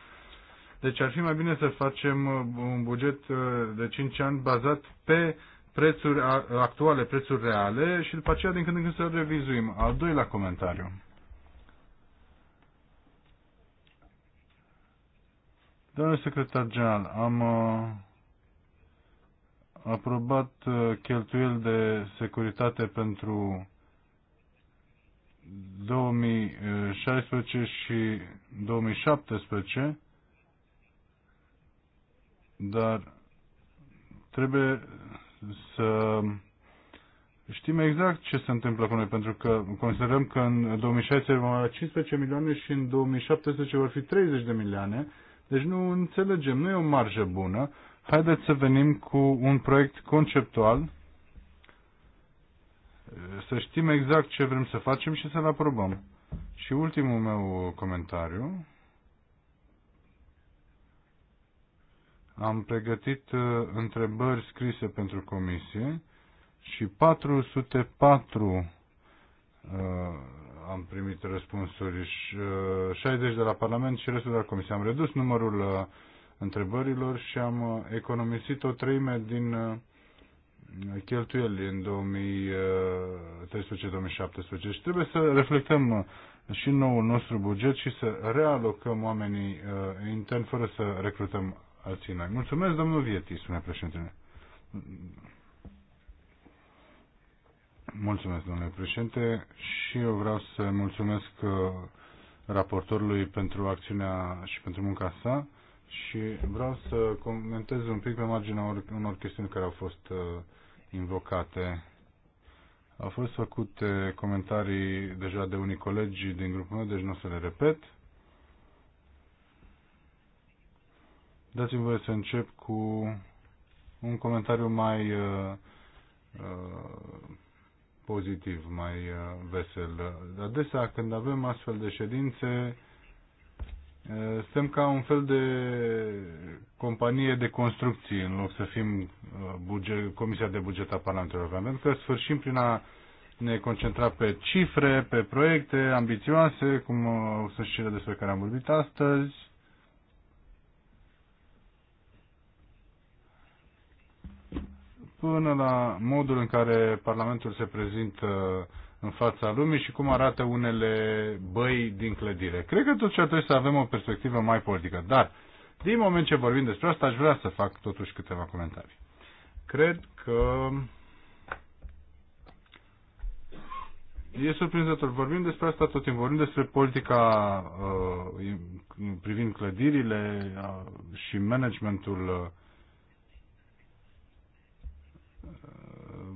Deci ar fi mai bine să facem uh, un buget de 5 ani bazat pe prețuri actuale, prețuri reale și după aceea din când în când să revizuim. Al doilea comentariu. Domnule secretar general, am aprobat uh, cheltuieli de securitate pentru 2016 și 2017, dar trebuie să știm exact ce se întâmplă cu noi, pentru că considerăm că în 2016 vom avea 15 milioane și în 2017 vor fi 30 de milioane, deci nu înțelegem, nu e o marjă bună, haideți să venim cu un proiect conceptual, să știm exact ce vrem să facem și să-l aprobăm. Și ultimul meu comentariu. Am pregătit uh, întrebări scrise pentru comisie și 404 uh, am primit răspunsuri, uh, 60 de la Parlament și restul de la comisie. Am redus numărul uh, întrebărilor și am uh, economisit o treime din uh, cheltuieli în 2013-2017 uh, și trebuie să reflectăm și noul nostru buget și să realocăm oamenii intern fără să recrutăm alții noi. Mulțumesc, domnul Vieti, spune președintele. Mulțumesc, domnule președinte, și eu vreau să mulțumesc raportorului pentru acțiunea și pentru munca sa și vreau să comentez un pic pe marginea unor chestiuni care au fost uh, invocate. Au fost făcute comentarii deja de unii colegi din grupul meu, deci nu o să le repet. Dați-mi voie să încep cu un comentariu mai uh, uh, pozitiv, mai uh, vesel. Adesea, când avem astfel de ședințe, Eh, suntem ca un fel de companie de construcții în loc să fim eh, buge, Comisia de Buget a Parlamentului European, pentru că sfârșim prin a ne concentra pe cifre, pe proiecte ambițioase, cum eh, sunt și cele despre care am vorbit astăzi. Până la modul în care Parlamentul se prezintă în fața lumii și cum arată unele băi din clădire. Cred că tot ce trebuie să avem o perspectivă mai politică, dar din moment ce vorbim despre asta, aș vrea să fac totuși câteva comentarii. Cred că e surprinzător. Vorbim despre asta tot timpul. Vorbim despre politica uh, privind clădirile uh, și managementul uh,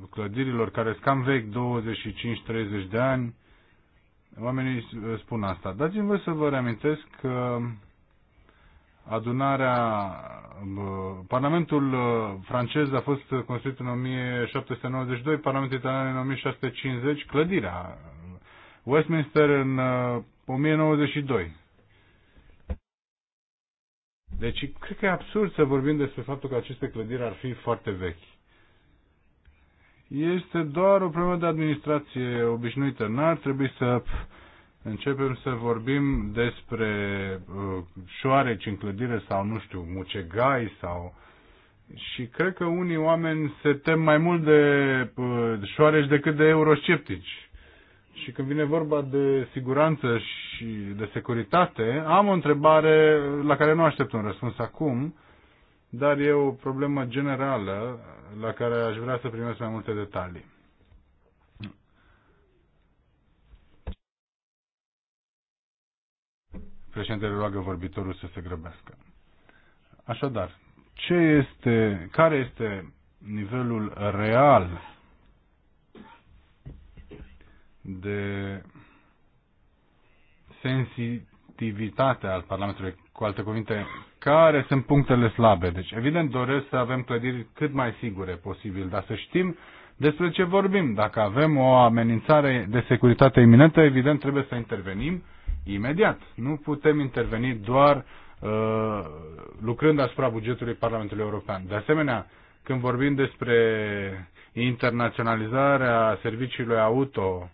clădirilor care sunt cam vechi, 25-30 de ani. Oamenii spun asta. Dați-mi voi să vă reamintesc că adunarea, Parlamentul uh, francez a fost construit în 1792, Parlamentul italian în 1650, clădirea Westminster în 1092. Uh, deci, cred că e absurd să vorbim despre faptul că aceste clădiri ar fi foarte vechi este doar o problemă de administrație obișnuită. N-ar trebui să începem să vorbim despre uh, șoareci în clădire sau, nu știu, mucegai sau... Și cred că unii oameni se tem mai mult de uh, șoareci decât de eurosceptici. Și când vine vorba de siguranță și de securitate, am o întrebare la care nu aștept un răspuns acum, dar e o problemă generală la care aș vrea să primesc mai multe detalii. Președintele roagă vorbitorul să se grăbească. Așadar, ce este, care este nivelul real de sensi, activitate al Parlamentului, cu alte cuvinte, care sunt punctele slabe. Deci, evident, doresc să avem clădiri cât mai sigure posibil, dar să știm despre ce vorbim. Dacă avem o amenințare de securitate iminentă, evident, trebuie să intervenim imediat. Nu putem interveni doar uh, lucrând asupra bugetului Parlamentului European. De asemenea, când vorbim despre internaționalizarea serviciului auto,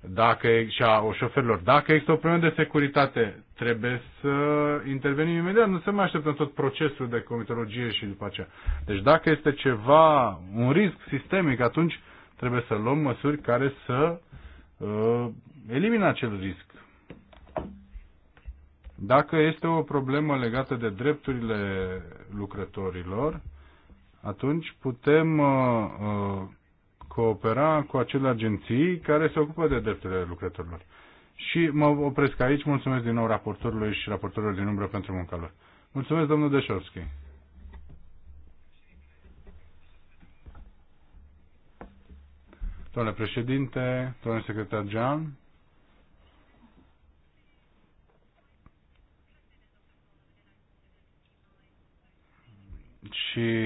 dacă, și a șoferilor. Dacă există o problemă de securitate, trebuie să intervenim imediat. Nu să mai așteptăm tot procesul de comitologie și după aceea. Deci dacă este ceva, un risc sistemic, atunci trebuie să luăm măsuri care să uh, elimine acel risc. Dacă este o problemă legată de drepturile lucrătorilor, atunci putem uh, uh, coopera cu acele agenții care se ocupă de drepturile lucrătorilor. Și mă opresc aici. Mulțumesc din nou raportorului și raportorilor din umbră pentru munca lor. Mulțumesc, domnul Deșovski. Domnule președinte, domnule secretar Jean, și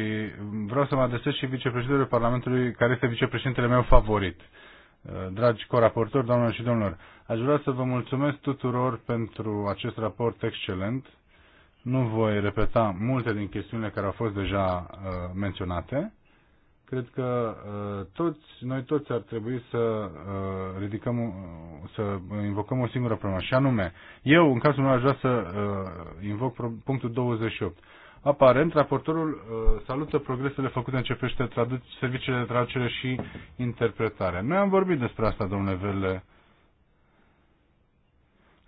vreau să mă adresez și vicepreședintele Parlamentului, care este vicepreședintele meu favorit. Uh, dragi coraportori, doamnelor și domnilor, aș vrea să vă mulțumesc tuturor pentru acest raport excelent. Nu voi repeta multe din chestiunile care au fost deja uh, menționate. Cred că uh, toți, noi toți ar trebui să ridicăm, să invocăm o singură problemă, și anume, eu în cazul meu aș vrea să invoc punctul 28 Aparent, raportorul uh, salută progresele făcute în ce privește serviciile de traducere și interpretare. Noi am vorbit despre asta, domnule Vele,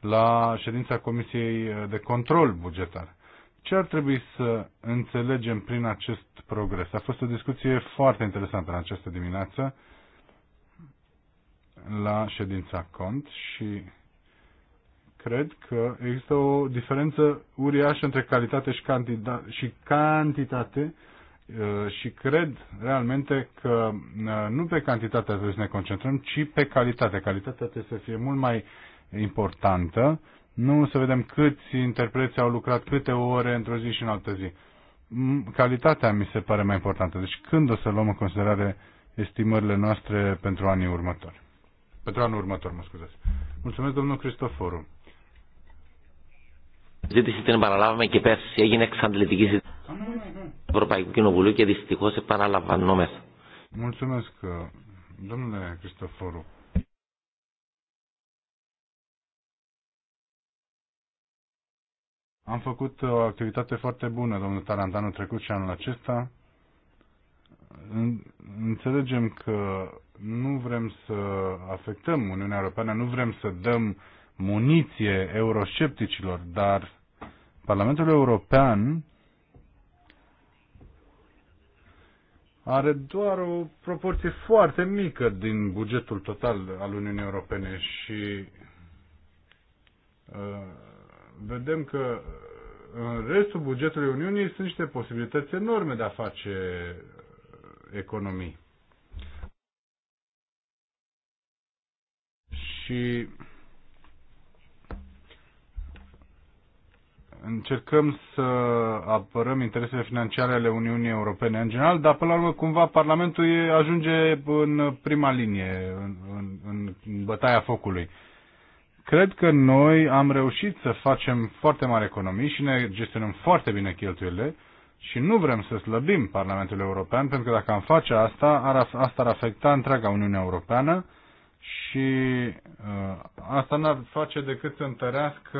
la ședința Comisiei de Control Bugetar. Ce ar trebui să înțelegem prin acest progres? A fost o discuție foarte interesantă în această dimineață la ședința cont și cred că există o diferență uriașă între calitate și, cantita- și cantitate uh, și cred realmente că uh, nu pe cantitate trebuie să ne concentrăm, ci pe calitate. Calitatea trebuie să fie mult mai importantă, nu să vedem câți interpreți au lucrat câte ore într-o zi și în altă zi. Mm, calitatea mi se pare mai importantă. Deci când o să luăm în considerare estimările noastre pentru anii următori? Pentru anul următor, mă scuzați. Mulțumesc, domnul Cristoforu. Ζήτηση την επαναλάβαμε και πέρσι. Έγινε εξαντλητική ζήτηση του Ευρωπαϊκού Κοινοβουλίου και δυστυχώ επαναλαμβανόμεθα. Am făcut o activitate foarte bună, domnul Tarant, anul trecut și anul acesta. Înțelegem că nu vrem să afectăm Uniunea Europeană, nu vrem să dăm muniție euroscepticilor, dar Parlamentul European are doar o proporție foarte mică din bugetul total al Uniunii Europene și uh, vedem că uh, în restul bugetului Uniunii sunt niște posibilități enorme de a face uh, economii. Și încercăm să apărăm interesele financiare ale Uniunii Europene în general, dar până la urmă cumva Parlamentul e, ajunge în prima linie, în, în, în bătaia focului. Cred că noi am reușit să facem foarte mari economii și ne gestionăm foarte bine cheltuielile și nu vrem să slăbim Parlamentul European, pentru că dacă am face asta, ar, asta ar afecta întreaga Uniune Europeană și uh, asta n-ar face decât să întărească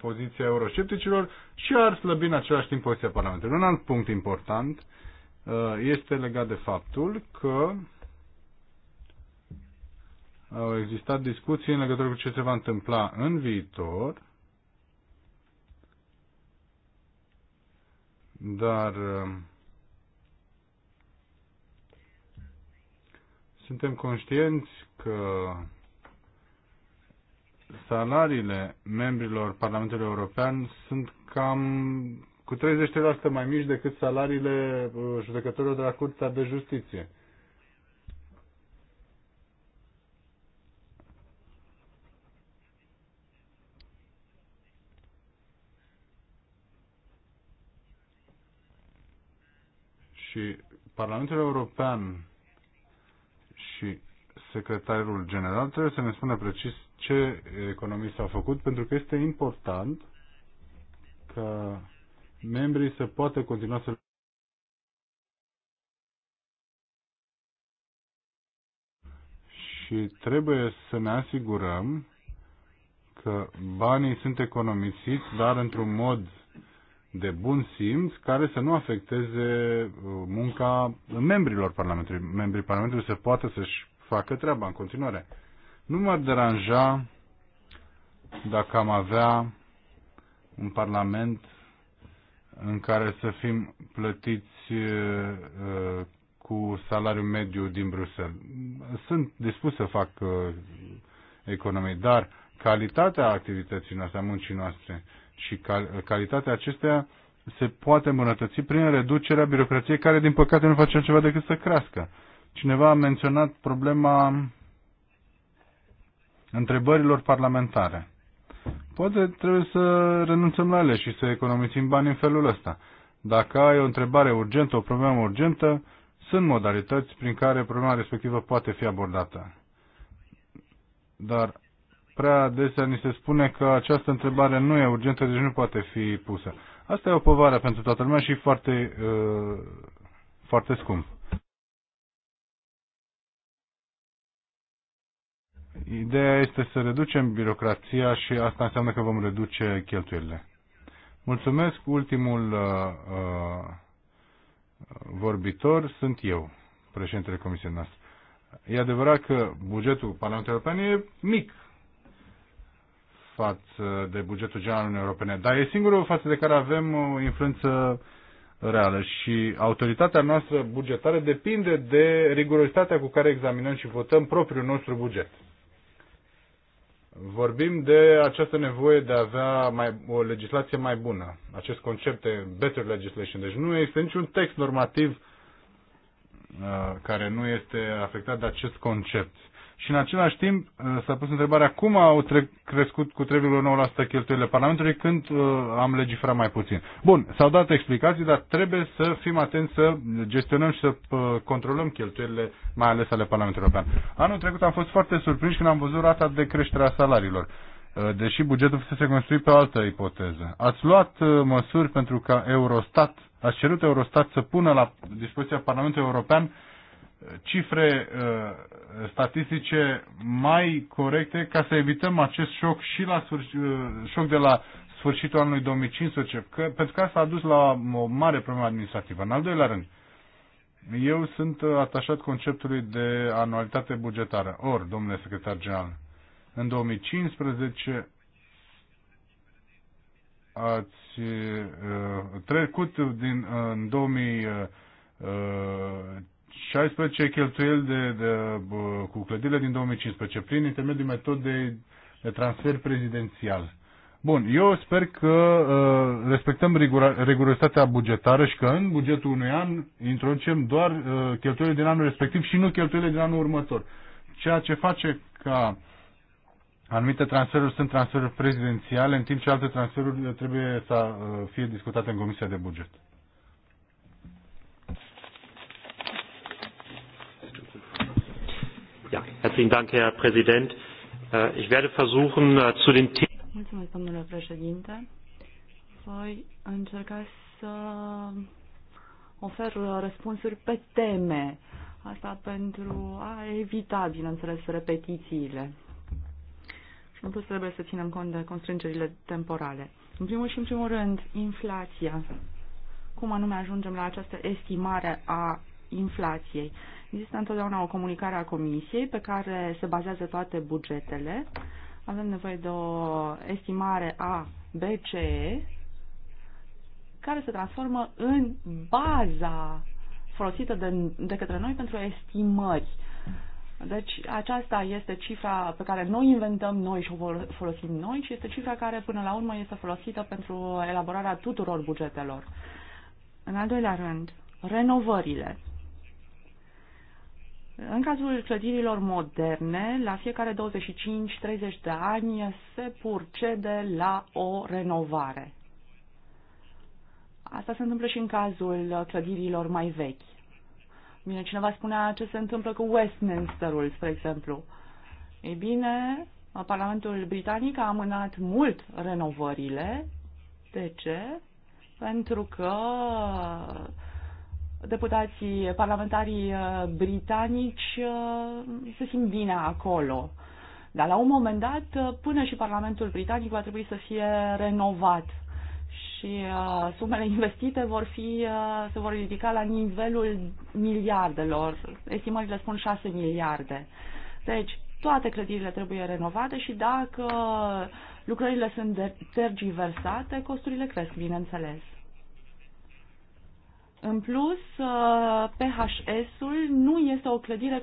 poziția euroscepticilor și ar slăbi în același timp poziția Parlamentului. Un alt punct important uh, este legat de faptul că au existat discuții în legătură cu ce se va întâmpla în viitor, dar uh, Suntem conștienți că salariile membrilor Parlamentului European sunt cam cu 30% mai mici decât salariile uh, judecătorilor de la Curtea de Justiție. Și Parlamentul European secretarul general trebuie să ne spună precis ce economii s-au făcut, pentru că este important ca membrii să poată continua să și trebuie să ne asigurăm că banii sunt economisiți, dar într-un mod de bun simț care să nu afecteze uh, munca membrilor Parlamentului. Membrii Parlamentului să poată să-și facă treaba în continuare. Nu m-ar deranja dacă am avea un parlament în care să fim plătiți uh, cu salariul mediu din Bruxelles. Sunt dispus să fac uh, economii, dar calitatea activității noastre, a muncii noastre și cal- calitatea acestea se poate îmbunătăți prin reducerea birocrației care, din păcate, nu face altceva decât să crească. Uh, Cineva a menționat problema întrebărilor parlamentare. Poate trebuie să renunțăm la ele și să economisim bani în felul ăsta. Dacă ai o întrebare urgentă, o problemă urgentă, sunt modalități prin care problema respectivă poate fi abordată. Dar prea adesea ni se spune că această întrebare nu e urgentă, deci nu poate fi pusă. Asta e o povară pentru toată lumea și foarte, uh, foarte scump. Ideea este să reducem birocrația și asta înseamnă că vom reduce cheltuielile. Mulțumesc. Ultimul uh, uh, vorbitor sunt eu, președintele Comisiei noastre. E adevărat că bugetul Parlamentului European e mic față de bugetul general al Uniunii Europene, dar e singurul față de care avem o uh, influență reală și autoritatea noastră bugetară depinde de rigurozitatea cu care examinăm și votăm propriul nostru buget. Vorbim de această nevoie de a avea mai, o legislație mai bună, acest concept de better legislation. Deci nu există niciun text normativ uh, care nu este afectat de acest concept și în același timp uh, s-a pus întrebarea cum au crescut cu 3,9% cheltuielile Parlamentului când uh, am legiferat mai puțin. Bun, s-au dat explicații, dar trebuie să fim atenți să gestionăm și să uh, controlăm cheltuielile, mai ales ale Parlamentului European. Anul trecut am fost foarte surprins când am văzut rata de creștere a salariilor deși bugetul fusese construit pe o altă ipoteză. Ați luat măsuri pentru ca Eurostat, ați cerut Eurostat să pună la dispoziția Parlamentului European cifre uh, statistice mai corecte ca să evităm acest șoc și la sfârșit, uh, șoc de la sfârșitul anului 2015, că, pentru că asta a dus la o mare problemă administrativă. În al doilea rând, eu sunt uh, atașat conceptului de anualitate bugetară. Or, domnule secretar general, în 2015 ați uh, trecut din, uh, în 2000 uh, 16 cheltuieli de, de, cu clădirile din 2015 prin intermediul metodei de transfer prezidențial. Bun, eu sper că uh, respectăm rigura, rigurositatea bugetară și că în bugetul unui an introducem doar uh, cheltuielile din anul respectiv și nu cheltuielile din anul următor. Ceea ce face ca anumite transferuri sunt transferuri prezidențiale, în timp ce alte transferuri trebuie să ă, fie discutate în Comisia de Buget. Herzlichen Dank, Herr Präsident. Äh, ich werde versuchen, äh, zu den Themen. Mulțumesc, domnule președinte. Voi încerca să ofer uh, răspunsuri pe teme. Asta pentru a evita, bineînțeles, repetițiile. Și în plus trebuie să ținem cont de constrângerile temporale. În primul și în primul rând, inflația. Cum anume ajungem la această estimare a inflației? Există întotdeauna o comunicare a Comisiei pe care se bazează toate bugetele. Avem nevoie de o estimare a BCE care se transformă în baza folosită de, de către noi pentru estimări. Deci aceasta este cifra pe care noi inventăm noi și o folosim noi și este cifra care până la urmă este folosită pentru elaborarea tuturor bugetelor. În al doilea rând, renovările. În cazul clădirilor moderne, la fiecare 25-30 de ani se purcede la o renovare. Asta se întâmplă și în cazul clădirilor mai vechi. Bine, cineva spunea ce se întâmplă cu Westminsterul, spre exemplu. Ei bine, Parlamentul Britanic a amânat mult renovările. De ce? Pentru că deputații, parlamentarii uh, britanici uh, se simt bine acolo. Dar la un moment dat, uh, până și Parlamentul Britanic va trebui să fie renovat și sumele investite vor fi, se vor ridica la nivelul miliardelor. Estimările spun 6 miliarde. Deci, toate clădirile trebuie renovate și dacă lucrările sunt tergiversate, costurile cresc, bineînțeles. În plus, uh, PHS-ul nu este o clădire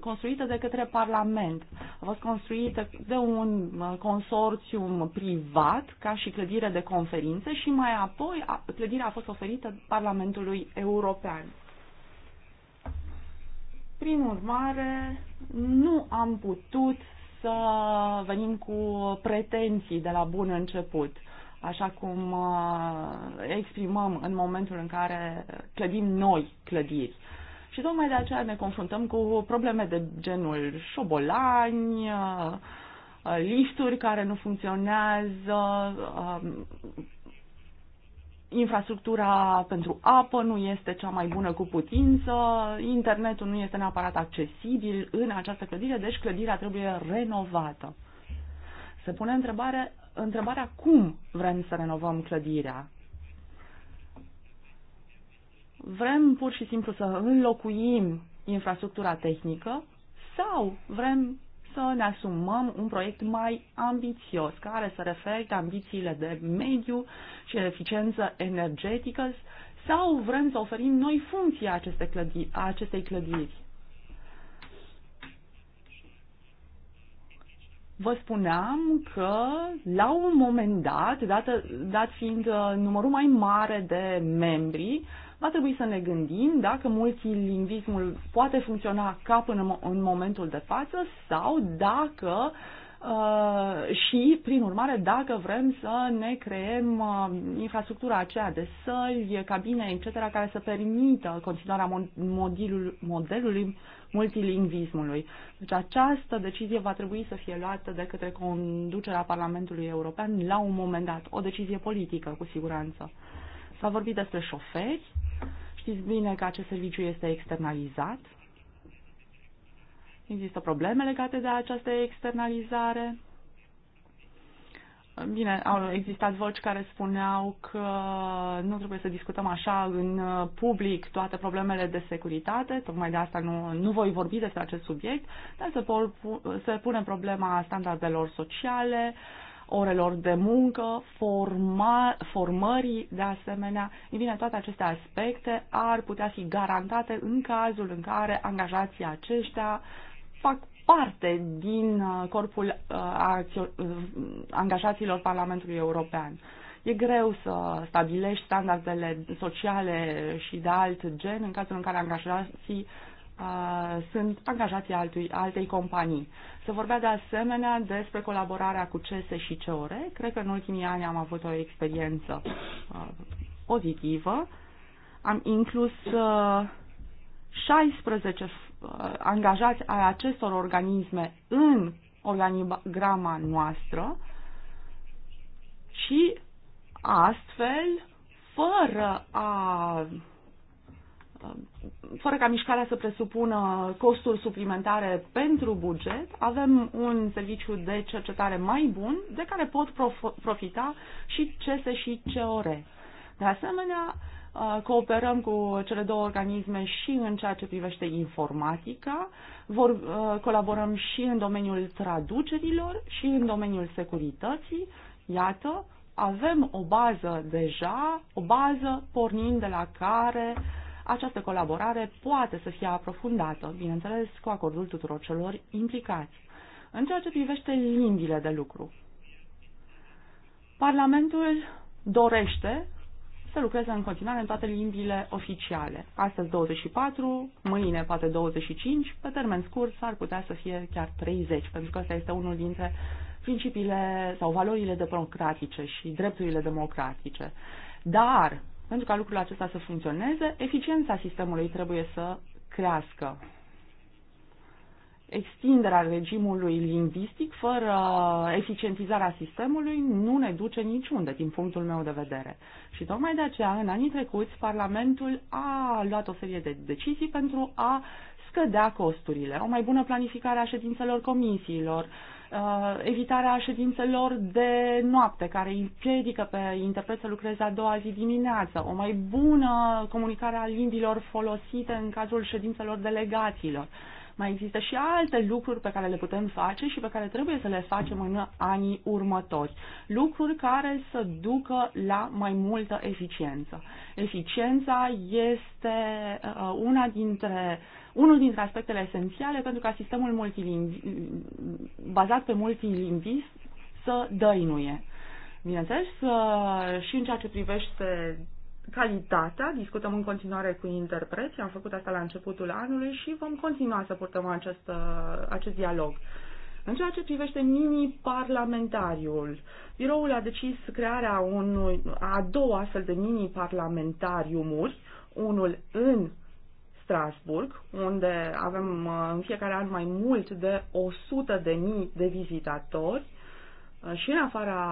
construită de către Parlament. A fost construită de un uh, consorțium privat ca și clădire de conferințe și mai apoi clădirea a fost oferită Parlamentului European. Prin urmare, nu am putut să venim cu pretenții de la bun început așa cum uh, exprimăm în momentul în care clădim noi clădiri. Și tocmai de aceea ne confruntăm cu probleme de genul șobolani, uh, lifturi care nu funcționează, um, infrastructura pentru apă nu este cea mai bună cu putință, internetul nu este neapărat accesibil în această clădire, deci clădirea trebuie renovată. Se pune întrebare, întrebarea cum vrem să renovăm clădirea. Vrem pur și simplu să înlocuim infrastructura tehnică sau vrem să ne asumăm un proiect mai ambițios, care să reflecte ambițiile de mediu și eficiență energetică, sau vrem să oferim noi funcții aceste clădi- acestei clădiri. vă spuneam că la un moment dat, dată, dat fiind uh, numărul mai mare de membri, va trebui să ne gândim dacă multilingvismul poate funcționa ca până în momentul de față sau dacă uh, Uh, și, prin urmare, dacă vrem să ne creăm uh, infrastructura aceea de săli, cabine, etc., care să permită continuarea modelul, modelului multilingvismului. Deci această decizie va trebui să fie luată de către conducerea Parlamentului European la un moment dat, o decizie politică, cu siguranță. S-a vorbit despre șoferi, știți bine că acest serviciu este externalizat, Există probleme legate de această externalizare. Bine, au existat voci care spuneau că nu trebuie să discutăm așa în public toate problemele de securitate, tocmai de asta nu, nu voi vorbi despre acest subiect, dar să pol, să punem problema standardelor sociale, orelor de muncă, forma, formării de asemenea. Ei bine, toate aceste aspecte ar putea fi garantate în cazul în care angajații aceștia uh, fac parte din uh, corpul uh, uh, angajaților Parlamentului European. E greu să stabilești standardele sociale și de alt gen în cazul în care angajații sunt angajații altui, altei companii. Se vorbea de asemenea despre colaborarea cu CESE și CEOR. Cred că în ultimii ani am avut o experiență uh, pozitivă. Am inclus uh, 16 Uh, angajați ai acestor organisme în organigrama noastră și astfel, fără a uh, fără ca mișcarea să presupună costuri suplimentare pentru buget, avem un serviciu de cercetare mai bun de care pot profita și CS și COR. De asemenea, Uh, cooperăm cu cele două organisme și în ceea ce privește informatica, vor, uh, colaborăm și în domeniul traducerilor și în domeniul securității. Iată, avem o bază deja, o bază pornind de la care această colaborare poate să fie aprofundată, bineînțeles cu acordul tuturor celor implicați. În ceea ce privește limbile de lucru, Parlamentul dorește să lucreze în continuare în toate limbile oficiale. Astăzi 24, mâine poate 25, pe termen scurt s-ar putea să fie chiar 30, pentru că asta este unul dintre principiile sau valorile democratice și drepturile democratice. Dar, pentru ca lucrul acesta să funcționeze, eficiența sistemului trebuie să crească extinderea regimului lingvistic fără eficientizarea sistemului nu ne duce niciunde din punctul meu de vedere. Și tocmai de aceea, în anii trecuți, Parlamentul a luat o serie de decizii pentru a scădea costurile, o mai bună planificare a ședințelor comisiilor, uh, evitarea ședințelor de noapte care împiedică pe interpret să lucreze a doua zi dimineață, o mai bună comunicare a limbilor folosite în cazul ședințelor delegațiilor. Mai există și alte lucruri pe care le putem face și pe care trebuie să le facem în anii următori. Lucruri care să ducă la mai multă eficiență. Eficiența este uh, una dintre unul dintre aspectele esențiale pentru ca sistemul bazat pe multilingvism să dăinuie. Bineînțeles, uh, și în ceea ce privește calitatea, discutăm în continuare cu interpreții, am făcut asta la începutul anului și vom continua să purtăm acest, uh, acest dialog. În ceea ce privește mini-parlamentariul, biroul a decis crearea unui, a două astfel de mini-parlamentariumuri, unul în Strasburg, unde avem uh, în fiecare an mai mult de 100 de mii de vizitatori Uh, și în afara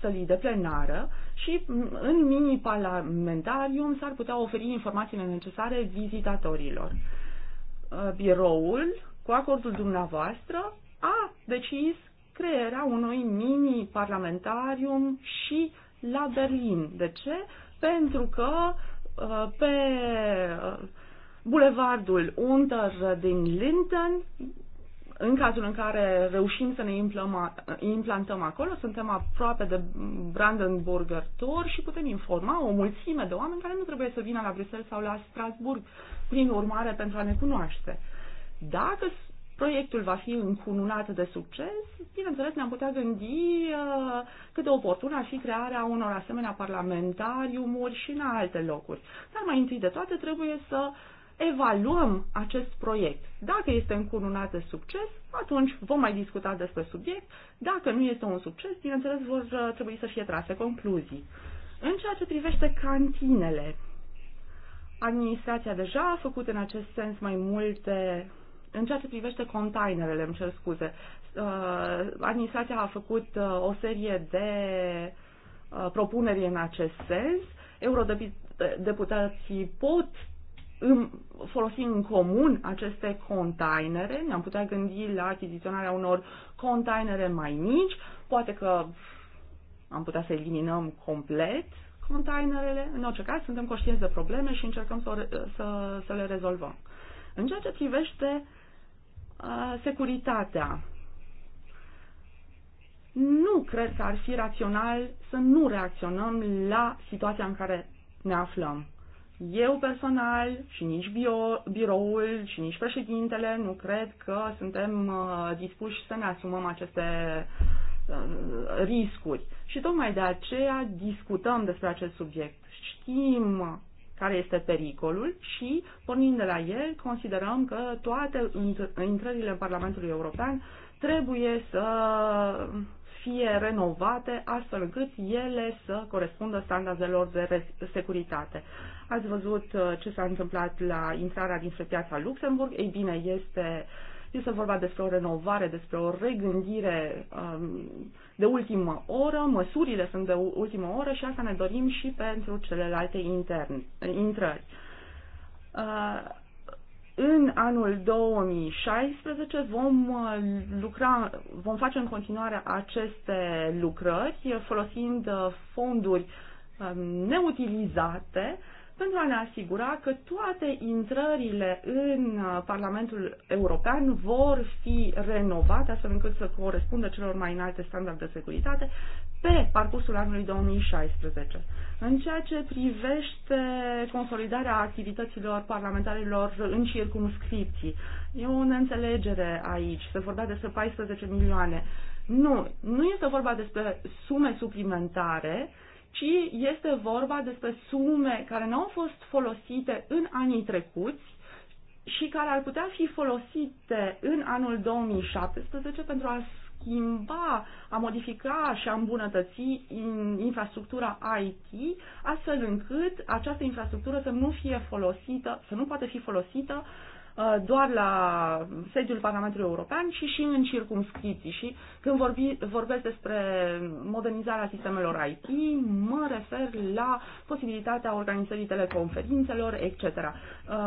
sălii de plenară și mm, în mini-parlamentarium s-ar putea oferi informațiile necesare vizitatorilor. Uh, biroul, cu acordul dumneavoastră, a decis crearea unui mini-parlamentarium și la Berlin. De ce? Pentru că uh, pe bulevardul Unter din Linden în cazul în care reușim să ne implantăm acolo, suntem aproape de Brandenburger Tor și putem informa o mulțime de oameni care nu trebuie să vină la Bruxelles sau la Strasburg, prin urmare, pentru a ne cunoaște. Dacă proiectul va fi încununat de succes, bineînțeles ne-am putea gândi uh, cât de oportun ar fi crearea unor asemenea parlamentariumuri și în alte locuri. Dar mai întâi de toate trebuie să uh, evaluăm acest proiect. Dacă este încununat de succes, atunci vom mai discuta despre subiect. Dacă nu este un succes, bineînțeles, vor uh, trebui să fie trase concluzii. În ceea ce privește cantinele, administrația deja a făcut în acest sens mai multe în ceea ce privește containerele, îmi cer scuze, uh, administrația a făcut uh, o serie de propuneri în acest sens. Eurodeputații pot folosim în comun aceste containere, ne-am putea gândi la achiziționarea unor containere mai mici, poate că am putea să eliminăm complet containerele, în orice caz suntem conștienți de probleme și încercăm să, să, să le rezolvăm. În ceea ce privește uh, securitatea, nu cred că ar fi rațional să nu reacționăm la situația în care ne aflăm eu personal și nici bio, biroul și nici președintele nu cred că suntem uh, dispuși să ne asumăm aceste uh, riscuri. Și tocmai de aceea discutăm despre acest subiect. Știm care este pericolul și, pornind de la el, considerăm că toate intrările în Parlamentul European trebuie să fie renovate astfel încât ele să corespundă standardelor de securitate. Ați văzut uh, ce s-a întâmplat la intrarea dinspre piața Luxemburg. Ei bine, este, este vorba despre o renovare, despre o regândire um, de ultimă oră. Măsurile sunt de ultimă oră și asta ne dorim și pentru celelalte intern, intrări. Uh, în anul 2016 vom uh, lucra, vom face în continuare aceste lucrări folosind fonduri um, neutilizate pentru a ne asigura că toate intrările în uh, Parlamentul European vor fi renovate astfel încât să corespundă celor mai înalte standarde de securitate pe parcursul anului 2016. În ceea ce privește consolidarea activităților parlamentarilor în circumscripții, e o neînțelegere aici, se vorbea despre 14 milioane. Nu, nu este vorba despre sume suplimentare, uh, ci este vorba despre sume care nu au fost folosite în anii trecuți și care ar putea fi folosite în anul 2017 pentru a schimba, a modifica și a îmbunătăți infrastructura IT, astfel încât această infrastructură să nu fie folosită, să nu poate fi folosită Uh, doar la sediul Parlamentului European, ci și în circumscripții. Și când vorbi, vorbesc despre modernizarea sistemelor IT, mă refer la posibilitatea organizării teleconferințelor, etc. Uh,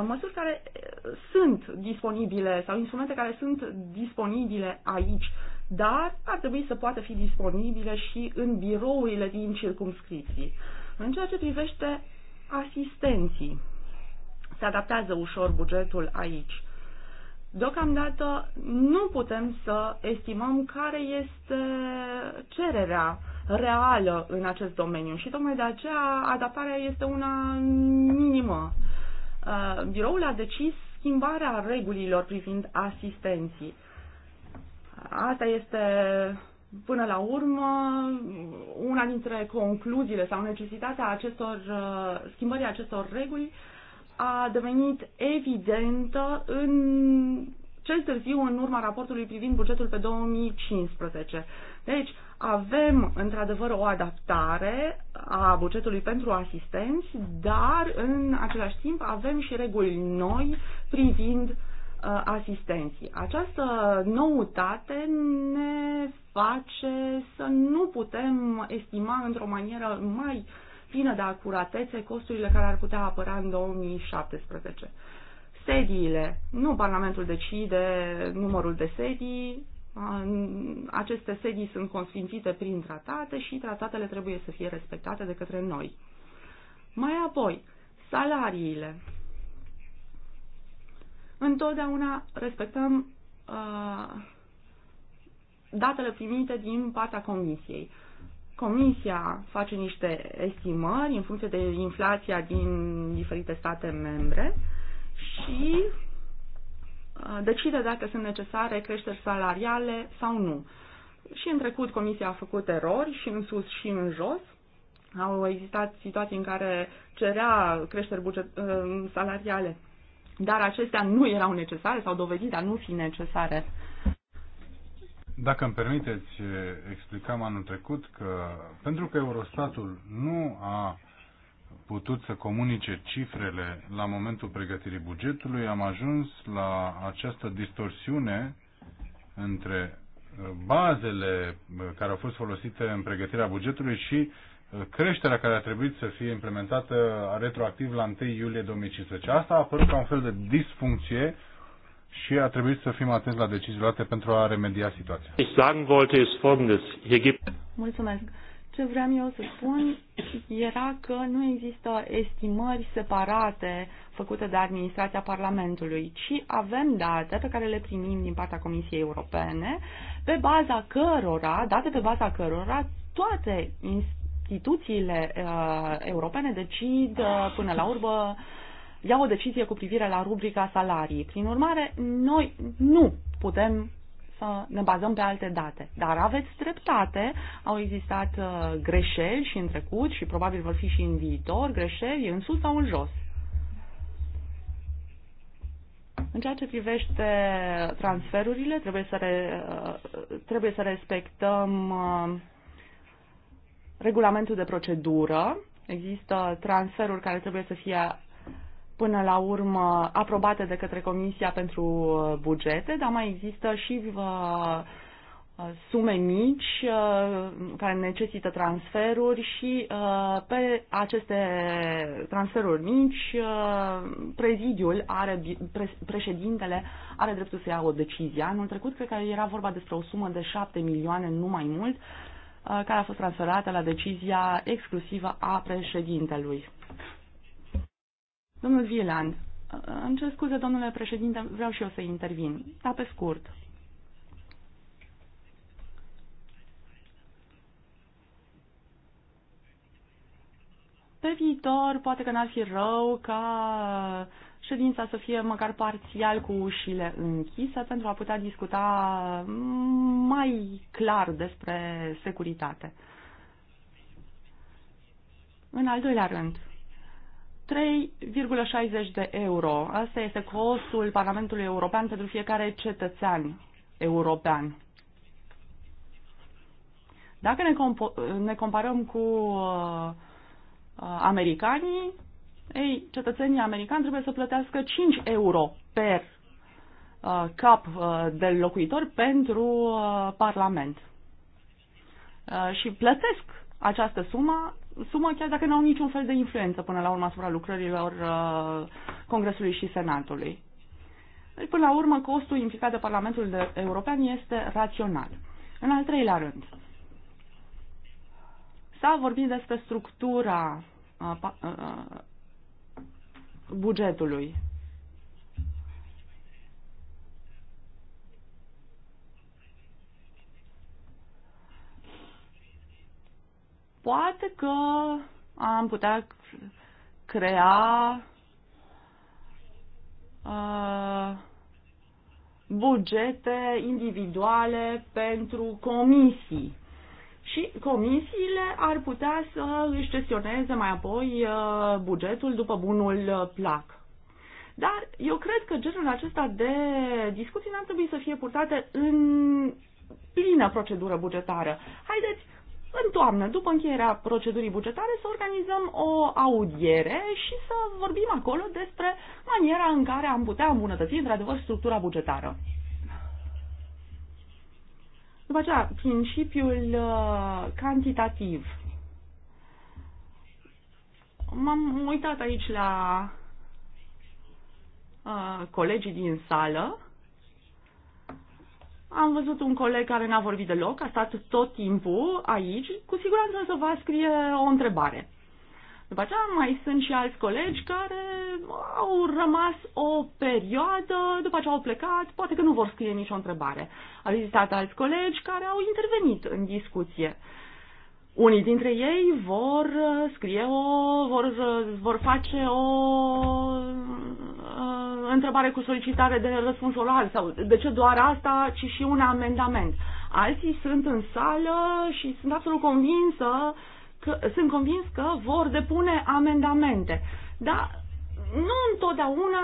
măsuri care uh, sunt disponibile sau instrumente care sunt disponibile aici dar ar trebui să poată fi disponibile și în birourile din circumscripții. În ceea ce privește asistenții, se adaptează ușor bugetul aici. Deocamdată nu putem să estimăm care este cererea reală în acest domeniu și tocmai de aceea adaptarea este una minimă. Uh, biroul a decis schimbarea regulilor privind asistenții. Asta este până la urmă una dintre concluziile sau necesitatea acestor uh, schimbării acestor reguli a devenit evidentă în cel târziu în urma raportului privind bugetul pe 2015. Deci, avem într-adevăr o adaptare a bugetului pentru asistenți, dar în același timp avem și reguli noi privind uh, asistenții. Această noutate ne face să nu putem estima într-o manieră mai uh, plină de acuratețe costurile care ar putea apărea în 2017. Sediile. Nu Parlamentul decide numărul de sedii. Aceste sedii sunt consfințite prin tratate și tratatele trebuie să fie respectate de către noi. Mai apoi, salariile. Întotdeauna respectăm uh, datele primite din partea comisiei. Uh, Comisia face niște estimări în funcție de inflația din diferite state membre și uh, decide dacă sunt necesare creșteri salariale sau nu. Și în trecut Comisia a făcut erori și în sus și în jos. Au existat situații în care cerea creșteri buget, uh, salariale, dar acestea nu erau necesare, sau dovedite a nu fi necesare. Dacă îmi permiteți, eh, explicam anul trecut că pentru că Eurostatul nu a putut să comunice cifrele la momentul pregătirii bugetului, am ajuns la această distorsiune între eh, bazele eh, care au fost folosite în pregătirea bugetului și creșterea care a trebuit să fie implementată retroactiv la 1 iulie 2015. Asta a apărut ca un fel de disfuncție și a trebuit să fim atenți la deciziile luate pentru a remedia situația. Mulțumesc. Ce vreau eu să spun era că nu există estimări separate făcute de administrația Parlamentului, ci avem date pe care le primim din partea Comisiei Europene, pe baza cărora, date pe baza cărora toate instituțiile uh, europene decid uh, până la urmă uh, ia o decizie cu privire la rubrica salarii. Prin urmare, noi nu putem să ne bazăm pe alte date. Dar aveți dreptate, au existat uh, greșeli și în trecut și probabil vor fi și în viitor greșeli în sus sau în jos. În ceea ce privește transferurile, trebuie să, re, uh, trebuie să respectăm uh, regulamentul de procedură. Există transferuri care trebuie să fie până la urmă aprobate de către Comisia pentru uh, Bugete, dar mai există și uh, uh, sume mici care necesită transferuri și pe aceste transferuri mici prezidiul are, președintele are dreptul să ia o decizie. Anul trecut cred că era vorba despre o sumă de 7 milioane, nu mai mult, care a fost transferată la decizia exclusivă a președintelui. Domnul Wieland, îmi cer scuze, domnule președinte, vreau și eu să intervin, dar pe scurt. Pe viitor, poate că n-ar fi rău ca ședința să fie măcar parțial cu ușile închise pentru a putea discuta mai clar despre securitate. În al doilea rând, 3,60 de euro. Asta este costul Parlamentului European pentru fiecare cetățean european. Dacă ne, comp- ne comparăm cu uh, americanii, ei, cetățenii americani trebuie să plătească 5 euro per uh, cap uh, de locuitor pentru uh, Parlament. Uh, și plătesc această sumă sumă, chiar dacă n-au niciun fel de influență până la urmă asupra lucrărilor uh, Congresului și Senatului. Deci, până la urmă, costul implicat de Parlamentul de European este rațional. În al treilea rând, s-a vorbit despre structura uh, uh, bugetului poate că am putea crea uh, bugete individuale pentru comisii. Și comisiile ar putea să își gestioneze mai apoi uh, bugetul după bunul plac. Dar eu cred că genul acesta de discuții n-ar trebui să fie purtate în plină procedură bugetară. Haideți în toamnă, după încheierea procedurii bugetare, să organizăm o audiere și să vorbim acolo despre maniera în care am putea îmbunătăți, într-adevăr, structura bugetară. După aceea, principiul uh, cantitativ. M-am uitat aici la uh, colegii din sală am văzut un coleg care n-a vorbit deloc, a stat tot timpul aici, cu siguranță însă va scrie o întrebare. După aceea mai sunt și alți colegi care au rămas o perioadă, după ce au plecat, poate că nu vor scrie nicio întrebare. Au existat alți colegi care au intervenit în discuție. Uh, unii dintre ei vor uh, scrie o, vor, uh, vor face o uh, întrebare cu solicitare de răspuns oral sau de ce doar asta, ci și un amendament. Alții sunt în sală și sunt absolut convinsă că, sunt convins că vor depune amendamente. Dar nu întotdeauna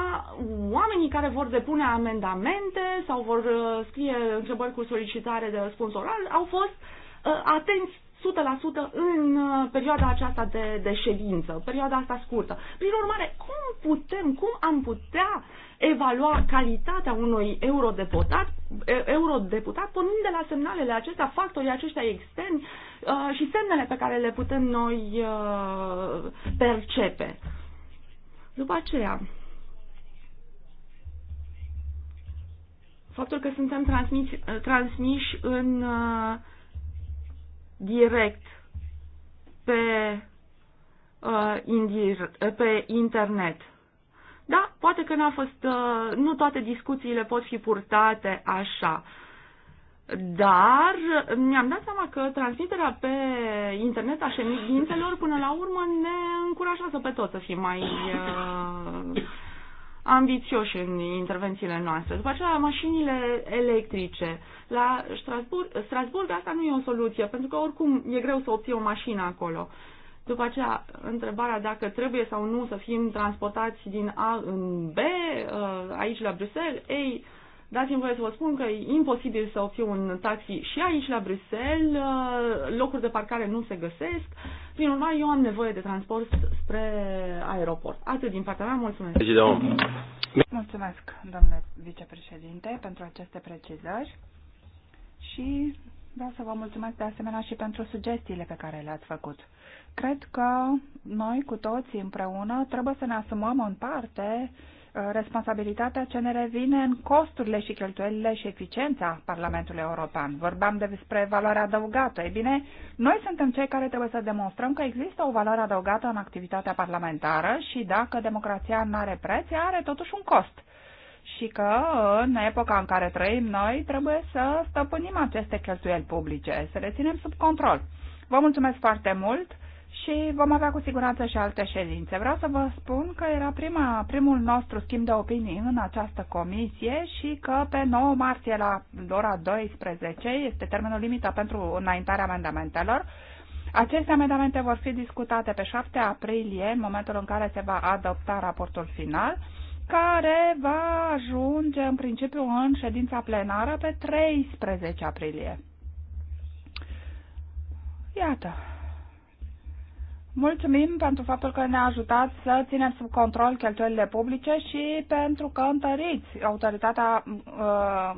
oamenii care vor depune amendamente sau vor scrie întrebări cu solicitare de răspuns oral au fost uh, atenți 100% în uh, perioada aceasta de, de ședință, perioada asta scurtă. Prin urmare, cum putem, cum am putea evalua calitatea unui eurodeputat, eurodeputat pornind de la semnalele acestea, factorii aceștia externi uh, și semnele pe care le putem noi uh, percepe. După aceea, faptul că suntem transmiși, transmiși în uh, direct pe, uh, indir, pe internet. Da, poate că n-a fost, uh, nu toate discuțiile pot fi purtate așa. Dar mi-am dat seama că transmiterea pe internet a ședințelor până la urmă ne încurajează pe toți să fim mai uh, ambițioși în intervențiile noastre. După aceea, mașinile electrice. La Strasburg, Strasburg asta nu e o soluție, pentru că oricum e greu să obții o mașină acolo. După aceea, întrebarea dacă trebuie sau nu să fim transportați din A în B, uh, aici la Bruxelles, ei, Dați-mi voie să vă spun că e imposibil să fiu un taxi și aici la Bruxelles, uh, locuri de parcare nu se găsesc. Prin urmare, eu am nevoie de transport spre aeroport. Atât din partea mea, mulțumesc. Mulțumesc, domnule vicepreședinte, pentru aceste precizări și vreau să vă mulțumesc de asemenea și pentru sugestiile pe care le-ați făcut. Cred că noi cu toții împreună trebuie să ne asumăm în parte uh, Uh, responsabilitatea ce ne revine în costurile și cheltuielile și eficiența Parlamentului European. Vorbeam despre valoarea adăugată. Ei bine, noi suntem cei care trebuie să demonstrăm că există o valoare adăugată în activitatea parlamentară și dacă democrația nu are preț, ea are totuși un cost. Și că în epoca în care trăim noi trebuie să stăpânim aceste cheltuieli publice, să le ținem sub control. Vă mulțumesc foarte mult! și vom avea cu siguranță și alte ședințe. Vreau să vă spun că era prima, primul nostru schimb de opinii în această comisie și că pe 9 martie la ora 12 este termenul limită pentru înaintarea amendamentelor. Aceste amendamente vor fi discutate pe 7 aprilie, în momentul în care se va adopta raportul final, care va ajunge în principiu în ședința plenară pe 13 aprilie. Iată. Mulțumim pentru faptul că ne-a ajutat să ținem sub control cheltuielile publice și pentru că întăriți autoritatea uh,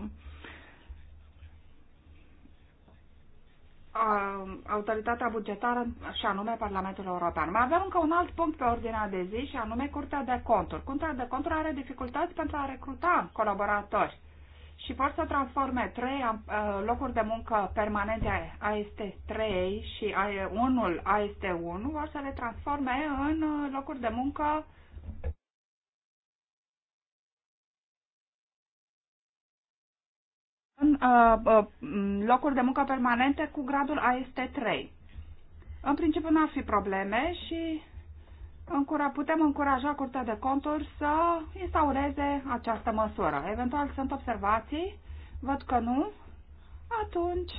autoritatea bugetară și anume Parlamentul European. Mai avem încă un alt punct pe ordinea de zi și anume Curtea de Conturi. Curtea de Conturi are dificultăți pentru a recruta colaboratori și vor să transforme trei uh, locuri de muncă permanente AST3 și unul AST1, vor să le transforme în uh, locuri de muncă în uh, locuri de muncă permanente cu gradul AST3. În principiu n-ar fi probleme și încura, putem încuraja Curtea de Conturi să instaureze această măsură. Eventual sunt observații, văd că nu, atunci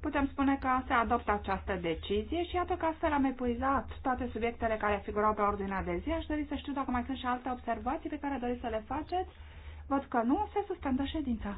putem spune că se adoptă această decizie și iată că astfel am epuizat toate subiectele care figurau pe ordinea de zi. Aș dori să știu dacă mai sunt și alte observații pe care doriți să le faceți. Văd că nu, se suspendă ședința.